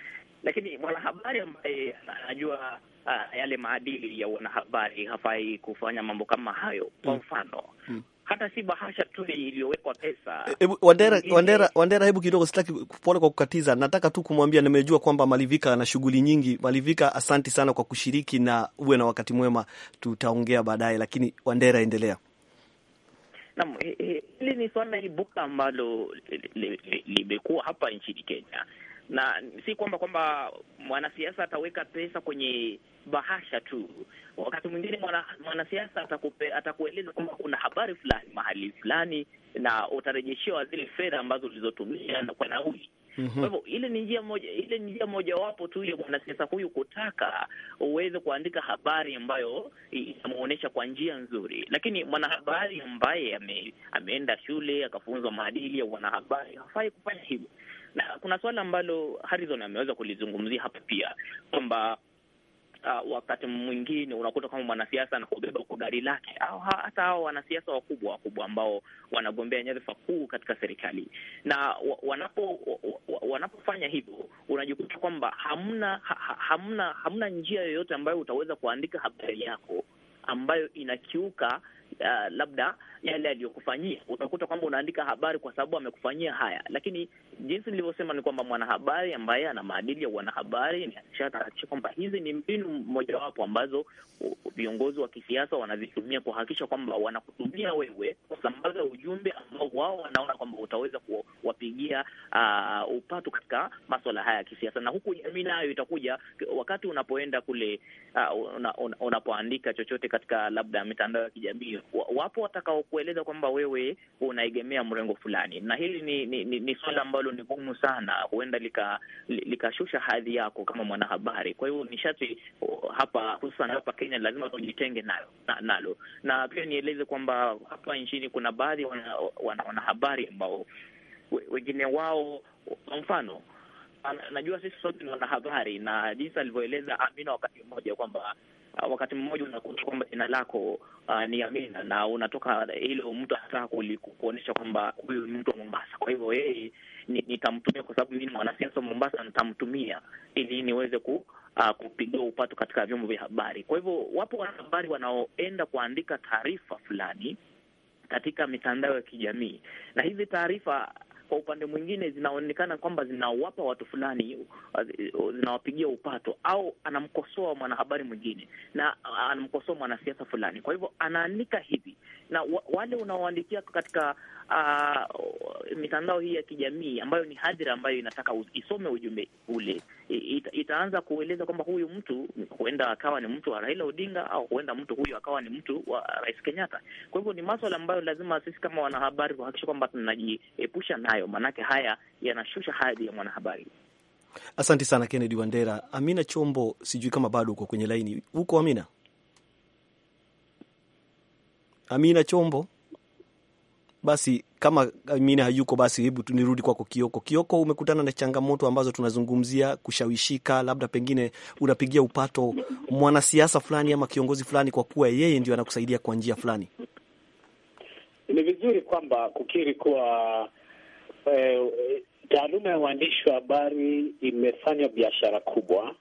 Speaker 5: lakini mwanahabari ambaye anajua uh, yale maadili ya wanahabari, hafai kufanya mambo kama hayo. Kwa mm. mfano mm. hata si bahasha tu iliyowekwa pesa.
Speaker 2: E, Wandera, Wandera, Wandera, hebu kidogo, sitaki kupole kwa kukatiza, nataka tu kumwambia, nimejua kwamba Malivika ana shughuli nyingi. Malivika, asanti sana kwa kushiriki na uwe na wakati mwema, tutaongea baadaye, lakini Wandera, endelea.
Speaker 5: Naam, eh, eh, hili ni swala ibuka ambalo limekuwa hapa nchini Kenya na si kwamba kwamba mwanasiasa ataweka pesa kwenye bahasha tu. Wakati mwingine mwanasiasa mwana atakueleza kwamba kuna habari fulani mahali fulani, na utarejeshewa zile fedha ambazo ulizotumia na kwa nauli. Mhm. Kwa hivyo Ile ni njia moja, ile ni njia mojawapo tu ya mwanasiasa huyu kutaka uweze kuandika habari ambayo inamuonyesha kwa njia nzuri, lakini mwanahabari ambaye ame, ameenda shule akafunzwa maadili ya wanahabari hafai kufanya hivyo na kuna suala ambalo Harrison ameweza kulizungumzia hapo pia kwamba Uh, wakati mwingine unakuta kama mwanasiasa anakubeba kwa gari lake, au hata hao wanasiasa wakubwa wakubwa ambao wanagombea nyadhifa kuu katika serikali, na wanapo wanapofanya hivyo unajikuta kwamba hamna ha, hamna hamna njia yoyote ambayo utaweza kuandika habari yako ambayo inakiuka uh, labda yale aliyokufanyia. Utakuta kwamba unaandika habari kwa sababu amekufanyia haya, lakini jinsi nilivyosema ni kwamba mwanahabari ambaye ana maadili ya wanahabari anahakikisha kwamba hizi ni mbinu mojawapo ambazo viongozi wa kisiasa wanazitumia kuhakikisha kwamba wanakutumia wewe kusambaza ujumbe ambao wao wanaona kwamba utaweza kuwapigia uh, upatu katika maswala haya ya kisiasa, na huku jamii nayo itakuja wakati unapoenda kule uh, unapoandika una, una chochote katika labda mitandao ya kijamii, wapo watakao kueleza kwamba wewe unaegemea mrengo fulani, na hili ni, ni, ni, ni suala ambalo ni gumu sana, huenda likashusha lika hadhi yako kama mwanahabari. Kwa hiyo ni sharti hapa, hususan hapa Kenya, lazima tujitenge nalo na, nalo na pia nieleze kwamba hapa nchini kuna baadhi ya wana, wana, wanahabari ambao wengine wao kwa mfano najua sisi sote ni wanahabari na jinsi alivyoeleza Amina wakati mmoja kwamba uh, wakati mmoja unakuta kwamba jina lako uh, ni Amina na unatoka hilo, mtu anataka kuonyesha kwamba huyu ni mtu wa Mombasa. Kwa hivyo yeye nitamtumia, kwa sababu mimi ni mwanasiasa wa Mombasa, nitamtumia ili niweze ku uh, kupigiwa upato katika vyombo vya habari. Kwa hivyo wapo wanahabari wanaoenda kuandika taarifa fulani katika mitandao ya kijamii na hizi taarifa kwa upande mwingine zinaonekana kwamba zinawapa watu fulani, uh, zinawapigia upato, au anamkosoa mwanahabari mwingine na uh, anamkosoa mwanasiasa fulani. Kwa hivyo anaandika hivi, na wale unaoandikia katika uh, mitandao hii ya kijamii ambayo ni hadhira ambayo inataka isome ujumbe ule, ita, itaanza kueleza kwamba huyu mtu huenda akawa ni mtu wa Raila Odinga au huenda mtu huyu akawa ni mtu wa Rais Kenyatta. Kwa hivyo ni maswala ambayo lazima sisi kama wanahabari kuhakikisha kwamba tunajiepusha nayo, maanake haya yanashusha hadhi ya mwanahabari.
Speaker 2: Asante sana Kennedy Wandera. Amina Chombo, sijui kama bado uko kwenye laini. Uko Amina? Amina Chombo, basi kama Amina hayuko, basi hebu tunirudi kwako Kioko. Kioko, umekutana na changamoto ambazo tunazungumzia kushawishika, labda pengine unapigia upato mwanasiasa fulani ama kiongozi fulani kwa kuwa yeye ndio anakusaidia kwa njia fulani.
Speaker 4: Ni vizuri kwamba kukiri kuwa eh, taaluma ya uandishi wa habari imefanya biashara kubwa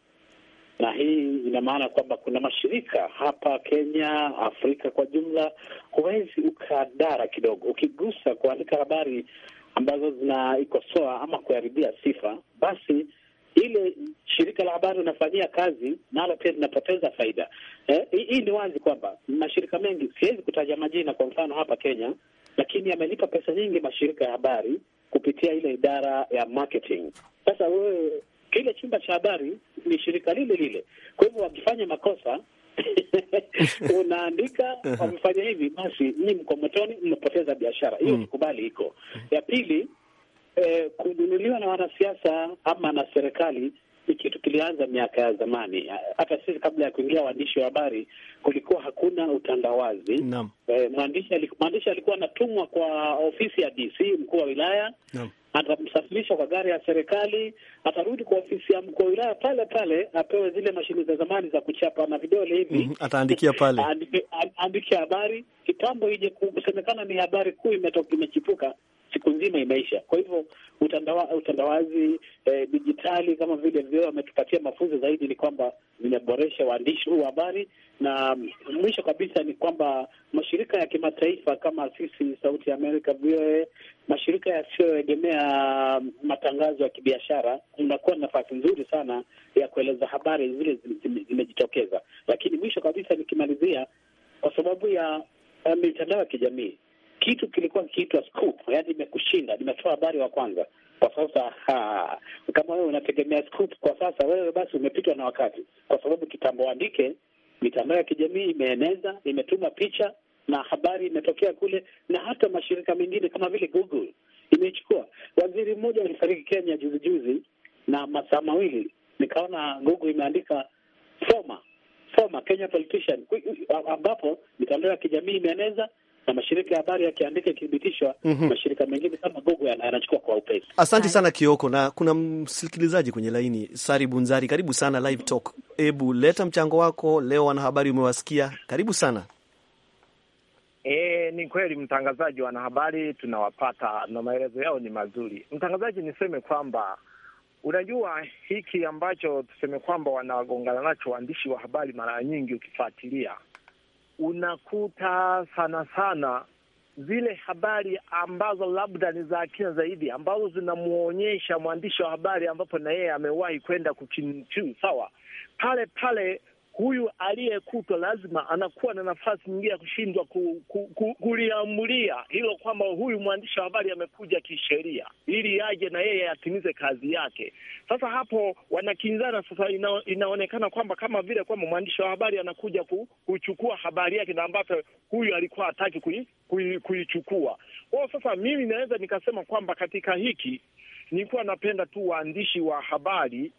Speaker 4: na hii ina maana kwamba kuna mashirika hapa Kenya, Afrika kwa jumla, huwezi ukadara kidogo ukigusa kuandika habari ambazo zinaikosoa ama kuharibia sifa, basi ile shirika la habari unafanyia kazi nalo pia linapoteza faida. Eh, hii ni wazi kwamba mashirika mengi, siwezi kutaja majina, kwa mfano hapa Kenya, lakini yamelipa pesa nyingi mashirika ya habari kupitia ile idara ya marketing. Sasa wewe kile chumba cha habari ni shirika lile lile. Kwa hivyo wakifanya makosa unaandika wamefanya hivi, basi ni mko motoni, mmepoteza biashara hiyo. Mm. Kikubali iko hmm. ya pili. Eh, kununuliwa na wanasiasa ama na serikali ni kitu kilianza miaka ya zamani. Hata sisi kabla ya kuingia waandishi wa habari kulikuwa hakuna utandawazi. Naam. Eh, mwandishi alikuwa anatumwa kwa ofisi ya DC, mkuu wa wilaya. Naam atamsafirishwa kwa gari ya serikali, atarudi kwa ofisi ya mkuu wa wilaya pale pale, apewe zile mashine za zamani za kuchapa na vidole hivi. Mm -hmm. Ataandikia pale, andike habari kitambo, ije kusemekana ni habari kuu imechipuka, siku nzima imeisha. Kwa hivyo utandawa, utandawazi e, eh, dijitali kama vile vile ametupatia mafunzo zaidi ni kwamba
Speaker 7: vimeboresha
Speaker 4: waandishi huu wa habari, na mwisho kabisa ni kwamba mashirika ya kimataifa kama sisi Sauti ya Amerika, VOA, mashirika yasiyoegemea matangazo ya kibiashara, unakuwa na nafasi nzuri sana ya kueleza habari zile zimejitokeza. Lakini mwisho kabisa nikimalizia, kwa sababu ya eh, mitandao ya kijamii kitu kilikuwa kiitwa scoop, yaani imekushinda nimetoa habari wa kwanza. Kwa sasa kama wewe unategemea scoop kwa sasa, wewe basi umepitwa na wakati, kwa sababu kitambo andike, mitandao ya kijamii imeeneza, imetuma picha na habari imetokea kule, na hata mashirika mengine kama vile Google imechukua. Waziri mmoja alifariki Kenya juzi juzi, na masaa mawili nikaona Google imeandika former former Kenya politician, ambapo mitandao ya kijamii imeeneza na mashirika ya habari yakiandika ikithibitishwa, mm -hmm. mashirika mengine kama Google yanachukua kwa upesi.
Speaker 2: Asante sana Kioko, na kuna msikilizaji kwenye laini, Sari Bunzari, karibu sana Live Talk. Hebu leta mchango wako leo, wanahabari umewasikia, karibu sana.
Speaker 12: E, ni kweli mtangazaji, wanahabari tunawapata na maelezo yao ni mazuri. Mtangazaji, niseme kwamba unajua hiki ambacho tuseme kwamba wanagongana nacho waandishi wa habari mara nyingi, ukifuatilia unakuta sana sana zile habari ambazo labda ni za kina zaidi ambazo zinamwonyesha mwandishi wa habari ambapo na yeye amewahi kwenda kukinchuu sawa, pale pale huyu aliyekutwa lazima anakuwa na nafasi nyingine ya kushindwa ku, ku, ku, kuliamulia hilo kwamba huyu mwandishi wa habari amekuja kisheria ili aje na yeye atimize kazi yake. Sasa hapo wanakinzana sasa, ina, inaonekana kwamba kama vile kwamba mwandishi wa habari anakuja ku, kuchukua habari yake na ambapo huyu alikuwa hataki kuichukua. Kwa sasa mimi naweza nikasema kwamba katika hiki nilikuwa napenda tu waandishi wa habari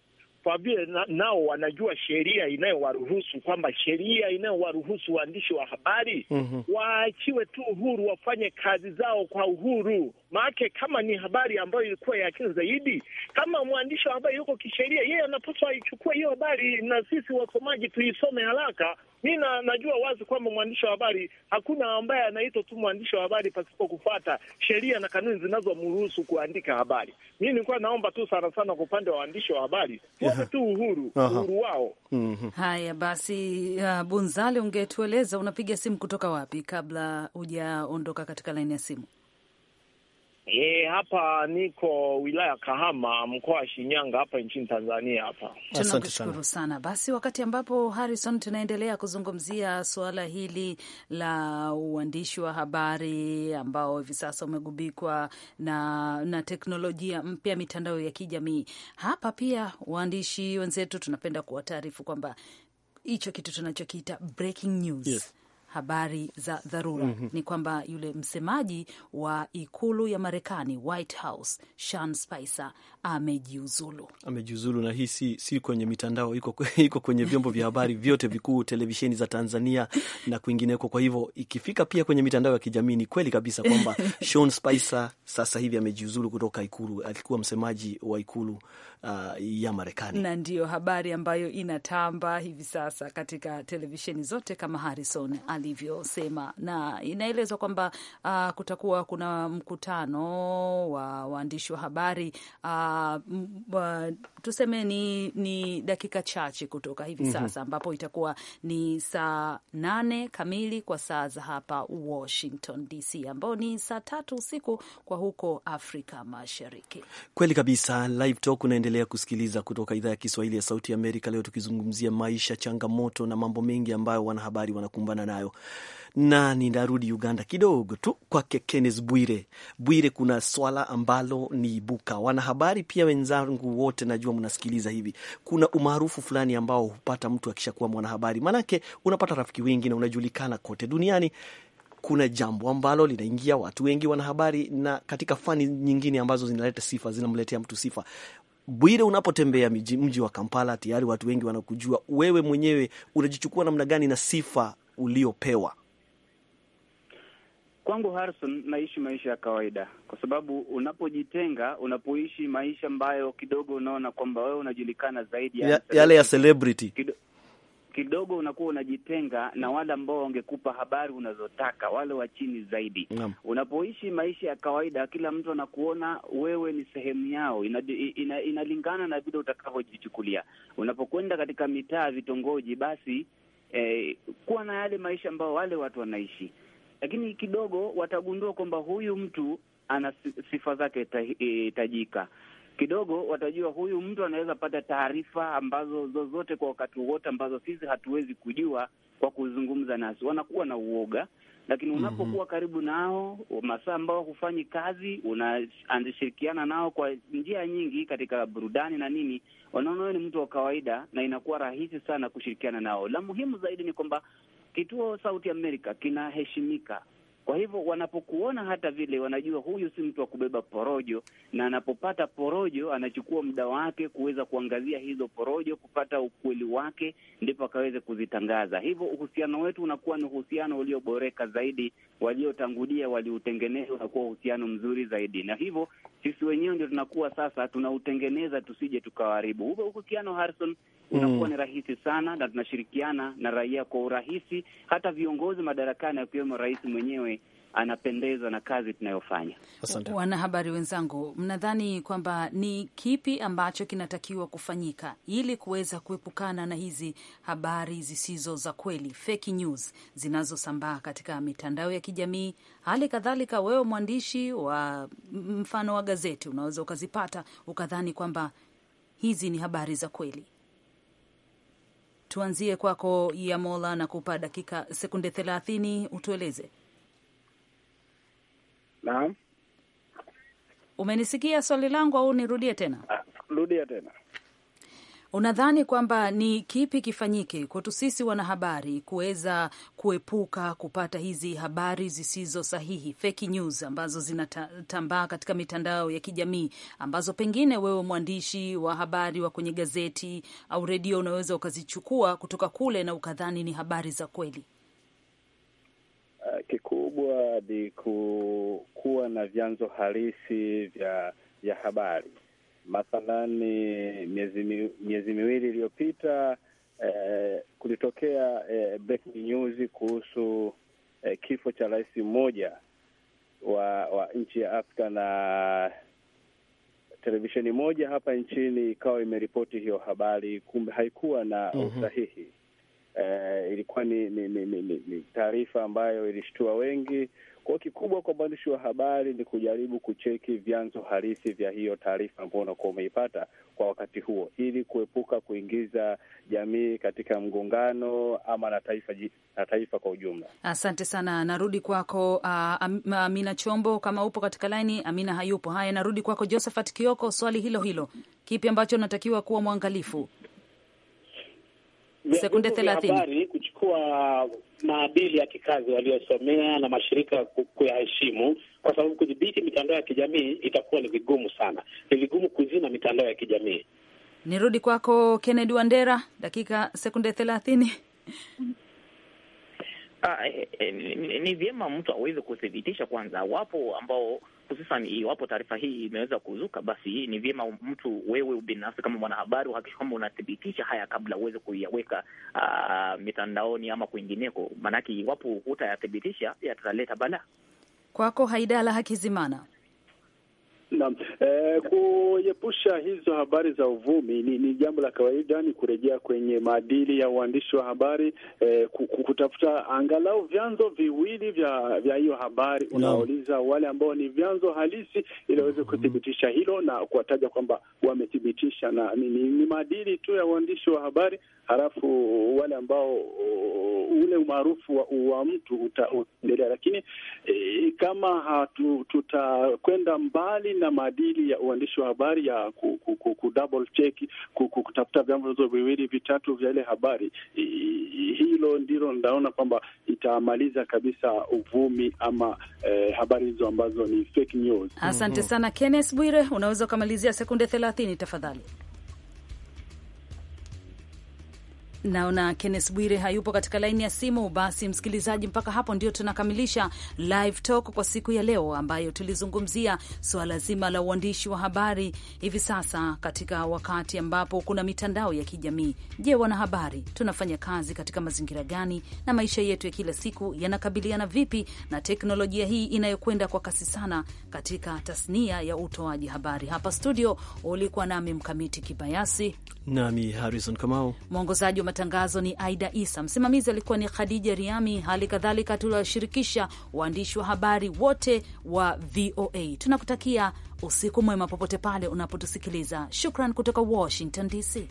Speaker 12: kwa vile na, nao wanajua sheria inayowaruhusu kwamba sheria inayowaruhusu waandishi wa habari mm -hmm. waachiwe tu uhuru wafanye kazi zao kwa uhuru. Maake kama ni habari ambayo ilikuwa ya kina zaidi, kama mwandishi wa habari yuko kisheria, yeye anapaswa aichukue hiyo habari na sisi wasomaji tuisome haraka mi na, najua wazi kwamba mwandishi wa habari, hakuna ambaye anaitwa tu mwandishi wa habari pasipo kufuata sheria na kanuni zinazomruhusu kuandika habari. Mi nilikuwa naomba tu sana sana kwa upande wa waandishi wa habari
Speaker 1: wape tu uhuru uhuru wao. mm -hmm. Haya basi, uh, Bunzali, ungetueleza unapiga simu kutoka wapi kabla hujaondoka katika laini ya simu?
Speaker 12: E, hapa niko wilaya Kahama, mkoa wa Shinyanga, hapa nchini Tanzania. Hapa tunakushukuru
Speaker 1: sana. Basi wakati ambapo Harrison, tunaendelea kuzungumzia suala hili la uandishi wa habari ambao hivi sasa umegubikwa na, na teknolojia mpya, mitandao ya kijamii. Hapa pia waandishi wenzetu tunapenda kuwataarifu kwamba hicho kitu tunachokiita breaking news yes habari za dharura mm -hmm. Ni kwamba yule msemaji wa ikulu ya Marekani, White House, Sean Spicer amejiuzulu,
Speaker 2: amejiuzulu na hii si, si kwenye mitandao, iko, iko kwenye vyombo vya habari vyote vikuu, televisheni za Tanzania na kwingineko. Kwa hivyo ikifika pia kwenye mitandao ya kijamii, ni kweli kabisa kwamba Sean Spicer sasa hivi amejiuzulu kutoka ikulu. Alikuwa msemaji wa ikulu uh, ya Marekani, na
Speaker 1: ndiyo habari ambayo inatamba hivi sasa katika televisheni zote kama Harrison alivyosema, na inaelezwa kwamba uh, kutakuwa kuna mkutano wa waandishi wa habari uh, tuseme ni, ni dakika chache kutoka hivi mm -hmm. sasa ambapo itakuwa ni saa nane kamili kwa saa za hapa Washington DC, ambao ni saa tatu usiku kwa huko Afrika Mashariki.
Speaker 2: Kweli kabisa. Live Talk unaendelea kusikiliza kutoka idhaa ya Kiswahili ya Sauti ya Amerika, leo tukizungumzia maisha, changamoto na mambo mengi ambayo wanahabari wanakumbana nayo na ninarudi Uganda kidogo tu kwake Kennes Bwire. Bwire, kuna swala ambalo ni ibuka, wanahabari pia wenzangu wote, najua mnasikiliza hivi. Kuna umaarufu fulani ambao hupata mtu akishakuwa mwanahabari, maanake unapata rafiki wengi na unajulikana kote duniani. Kuna jambo ambalo linaingia watu wengi wanahabari, na katika fani nyingine ambazo zinaleta sifa, zinamletea mtu sifa. Bwire, unapotembea mji wa Kampala, tayari watu wengi wanakujua wewe mwenyewe. Unajichukua namna gani na sifa uliopewa?
Speaker 9: Kwangu Harrison, naishi maisha ya kawaida, kwa sababu unapojitenga, unapoishi maisha ambayo kidogo unaona kwamba wewe unajulikana zaidi ya ya, yale ya
Speaker 7: celebrity
Speaker 9: kido, kidogo unakuwa unajitenga na wale ambao wangekupa habari unazotaka, wale wa chini zaidi. Unapoishi maisha ya kawaida, kila mtu anakuona wewe ni sehemu yao, inalingana ina, ina na vile utakavyojichukulia. Unapokwenda katika mitaa, vitongoji, basi eh, kuwa na yale maisha ambayo wale watu wanaishi, lakini kidogo watagundua kwamba huyu mtu ana sifa zake e, tajika kidogo watajua huyu mtu anaweza pata taarifa ambazo zozote kwa wakati wowote ambazo sisi hatuwezi kujua kwa kuzungumza nasi. Wanakuwa na uoga, lakini mhm. unapokuwa karibu nao masaa ambao hufanyi kazi, unashirikiana nao kwa njia nyingi katika burudani na nini, wanaona wewe ni mtu wa kawaida na inakuwa rahisi sana kushirikiana nao. La muhimu zaidi ni kwamba kituo Sauti Amerika kinaheshimika kwa hivyo wanapokuona hata vile, wanajua huyu si mtu wa kubeba porojo, na anapopata porojo anachukua muda wake kuweza kuangazia hizo porojo, kupata ukweli wake, ndipo akaweze kuzitangaza. Hivyo uhusiano wetu unakuwa ni uhusiano ulioboreka zaidi, waliotangulia waliutengeneza, unakuwa uhusiano mzuri zaidi, na hivyo sisi wenyewe ndio tunakuwa sasa tunautengeneza, tusije tukawaharibu. Huo uhusiano Harrison unakuwa mm. ni rahisi sana, na tunashirikiana na raia kwa urahisi. Hata viongozi madarakani akiwemo rais mwenyewe anapendezwa na kazi tunayofanya.
Speaker 1: Wanahabari wenzangu, mnadhani kwamba ni kipi ambacho kinatakiwa kufanyika ili kuweza kuepukana na hizi habari zisizo za kweli, fake news, zinazosambaa katika mitandao ya kijamii? Hali kadhalika, wewe mwandishi wa mfano wa gazeti, unaweza ukazipata ukadhani kwamba hizi ni habari za kweli, tuanzie kwako ya Mola na kupa dakika sekunde thelathini, utueleze. Naam, umenisikia swali langu au nirudie tena? Ah,
Speaker 7: rudia tena
Speaker 1: unadhani kwamba ni kipi kifanyike kwetu sisi wanahabari kuweza kuepuka kupata hizi habari zisizo sahihi, fake news ambazo zinatambaa katika mitandao ya kijamii, ambazo pengine wewe mwandishi wa habari wa kwenye gazeti au redio unaweza ukazichukua kutoka kule na ukadhani ni habari za kweli?
Speaker 7: Uh, kikubwa ni kuwa na vyanzo halisi vya vya habari Mathalan, miezi miezi miwili iliyopita eh, kulitokea eh, breaking news kuhusu eh, kifo cha rais mmoja wa wa nchi ya Afrika na televisheni moja hapa nchini ikawa imeripoti hiyo habari, kumbe haikuwa na mm -hmm. usahihi. Eh, ilikuwa ni, ni, ni, ni, ni taarifa ambayo ilishtua wengi kwa kikubwa kwa mwandishi wa habari ni kujaribu kucheki vyanzo halisi vya hiyo taarifa ambayo unakuwa umeipata kwa wakati huo, ili kuepuka kuingiza jamii katika mgongano ama na taifa na taifa kwa ujumla.
Speaker 1: Asante sana, narudi kwako uh, Amina Chombo kama upo katika laini. Amina hayupo. Haya, narudi kwako Josephat Kioko, swali hilo hilo, kipi ambacho unatakiwa kuwa mwangalifu sekunde thelathini
Speaker 4: kuchukua maadili ya kikazi waliosomea na mashirika kuyaheshimu, kwa sababu kudhibiti mitandao ya kijamii itakuwa ni vigumu sana, ni vigumu kuzima mitandao ya kijamii.
Speaker 1: Nirudi kwako Kennedy Wandera, dakika sekunde thelathini.
Speaker 5: Ah, eh, eh, ni vyema mtu aweze kuthibitisha kwanza, wapo ambao hususan iwapo taarifa hii imeweza kuzuka, basi hii ni vyema mtu wewe binafsi kama mwanahabari uhakikisha kwamba unathibitisha haya kabla uweze kuyaweka uh, mitandaoni ama kwingineko, maanake iwapo hutayathibitisha yataleta balaa
Speaker 1: kwako. Haidala Hakizimana.
Speaker 5: Naam, eh, kuepusha hizo habari za uvumi
Speaker 11: ni, ni jambo la kawaida, ni kurejea kwenye maadili ya uandishi wa habari eh, kutafuta angalau vyanzo viwili vya vya hiyo habari no. Unauliza wale ambao ni vyanzo halisi ili waweze mhm. kuthibitisha hilo na kuwataja kwamba wamethibitisha, na ni, ni maadili tu ya uandishi wa habari. Halafu wale ambao ule umaarufu wa, wa mtu utaendelea, lakini eh, kama hatu, tutakwenda mbali haina maadili ya uandishi wa habari ya ku, ku, ku, ku double check ku, ku, kutafuta vyombo viwili vitatu vya ile habari. Hilo ndilo ndaona kwamba itamaliza kabisa uvumi ama eh, habari hizo ambazo ni
Speaker 1: fake news. Asante mhm. sana Kenneth Bwire, unaweza ukamalizia sekunde thelathini tafadhali. Naona Kenneth Bwire hayupo katika laini ya simu. Basi msikilizaji, mpaka hapo ndio tunakamilisha live talk kwa siku ya leo, ambayo tulizungumzia suala zima la uandishi wa habari hivi sasa katika wakati ambapo kuna mitandao ya kijamii. Je, wanahabari tunafanya kazi katika mazingira gani, na maisha yetu ya kila siku yanakabiliana vipi na teknolojia hii inayokwenda kwa kasi sana katika tasnia ya utoaji habari. Hapa studio ulikuwa nami Mkamiti Kibayasi
Speaker 2: nami Harrison Kamau.
Speaker 1: Mwongozaji wa matangazo ni Aida Isa, msimamizi alikuwa ni Khadija Riami. Hali kadhalika tuliwashirikisha waandishi wa habari wote wa VOA. Tunakutakia usiku mwema popote pale unapotusikiliza. Shukran kutoka Washington DC.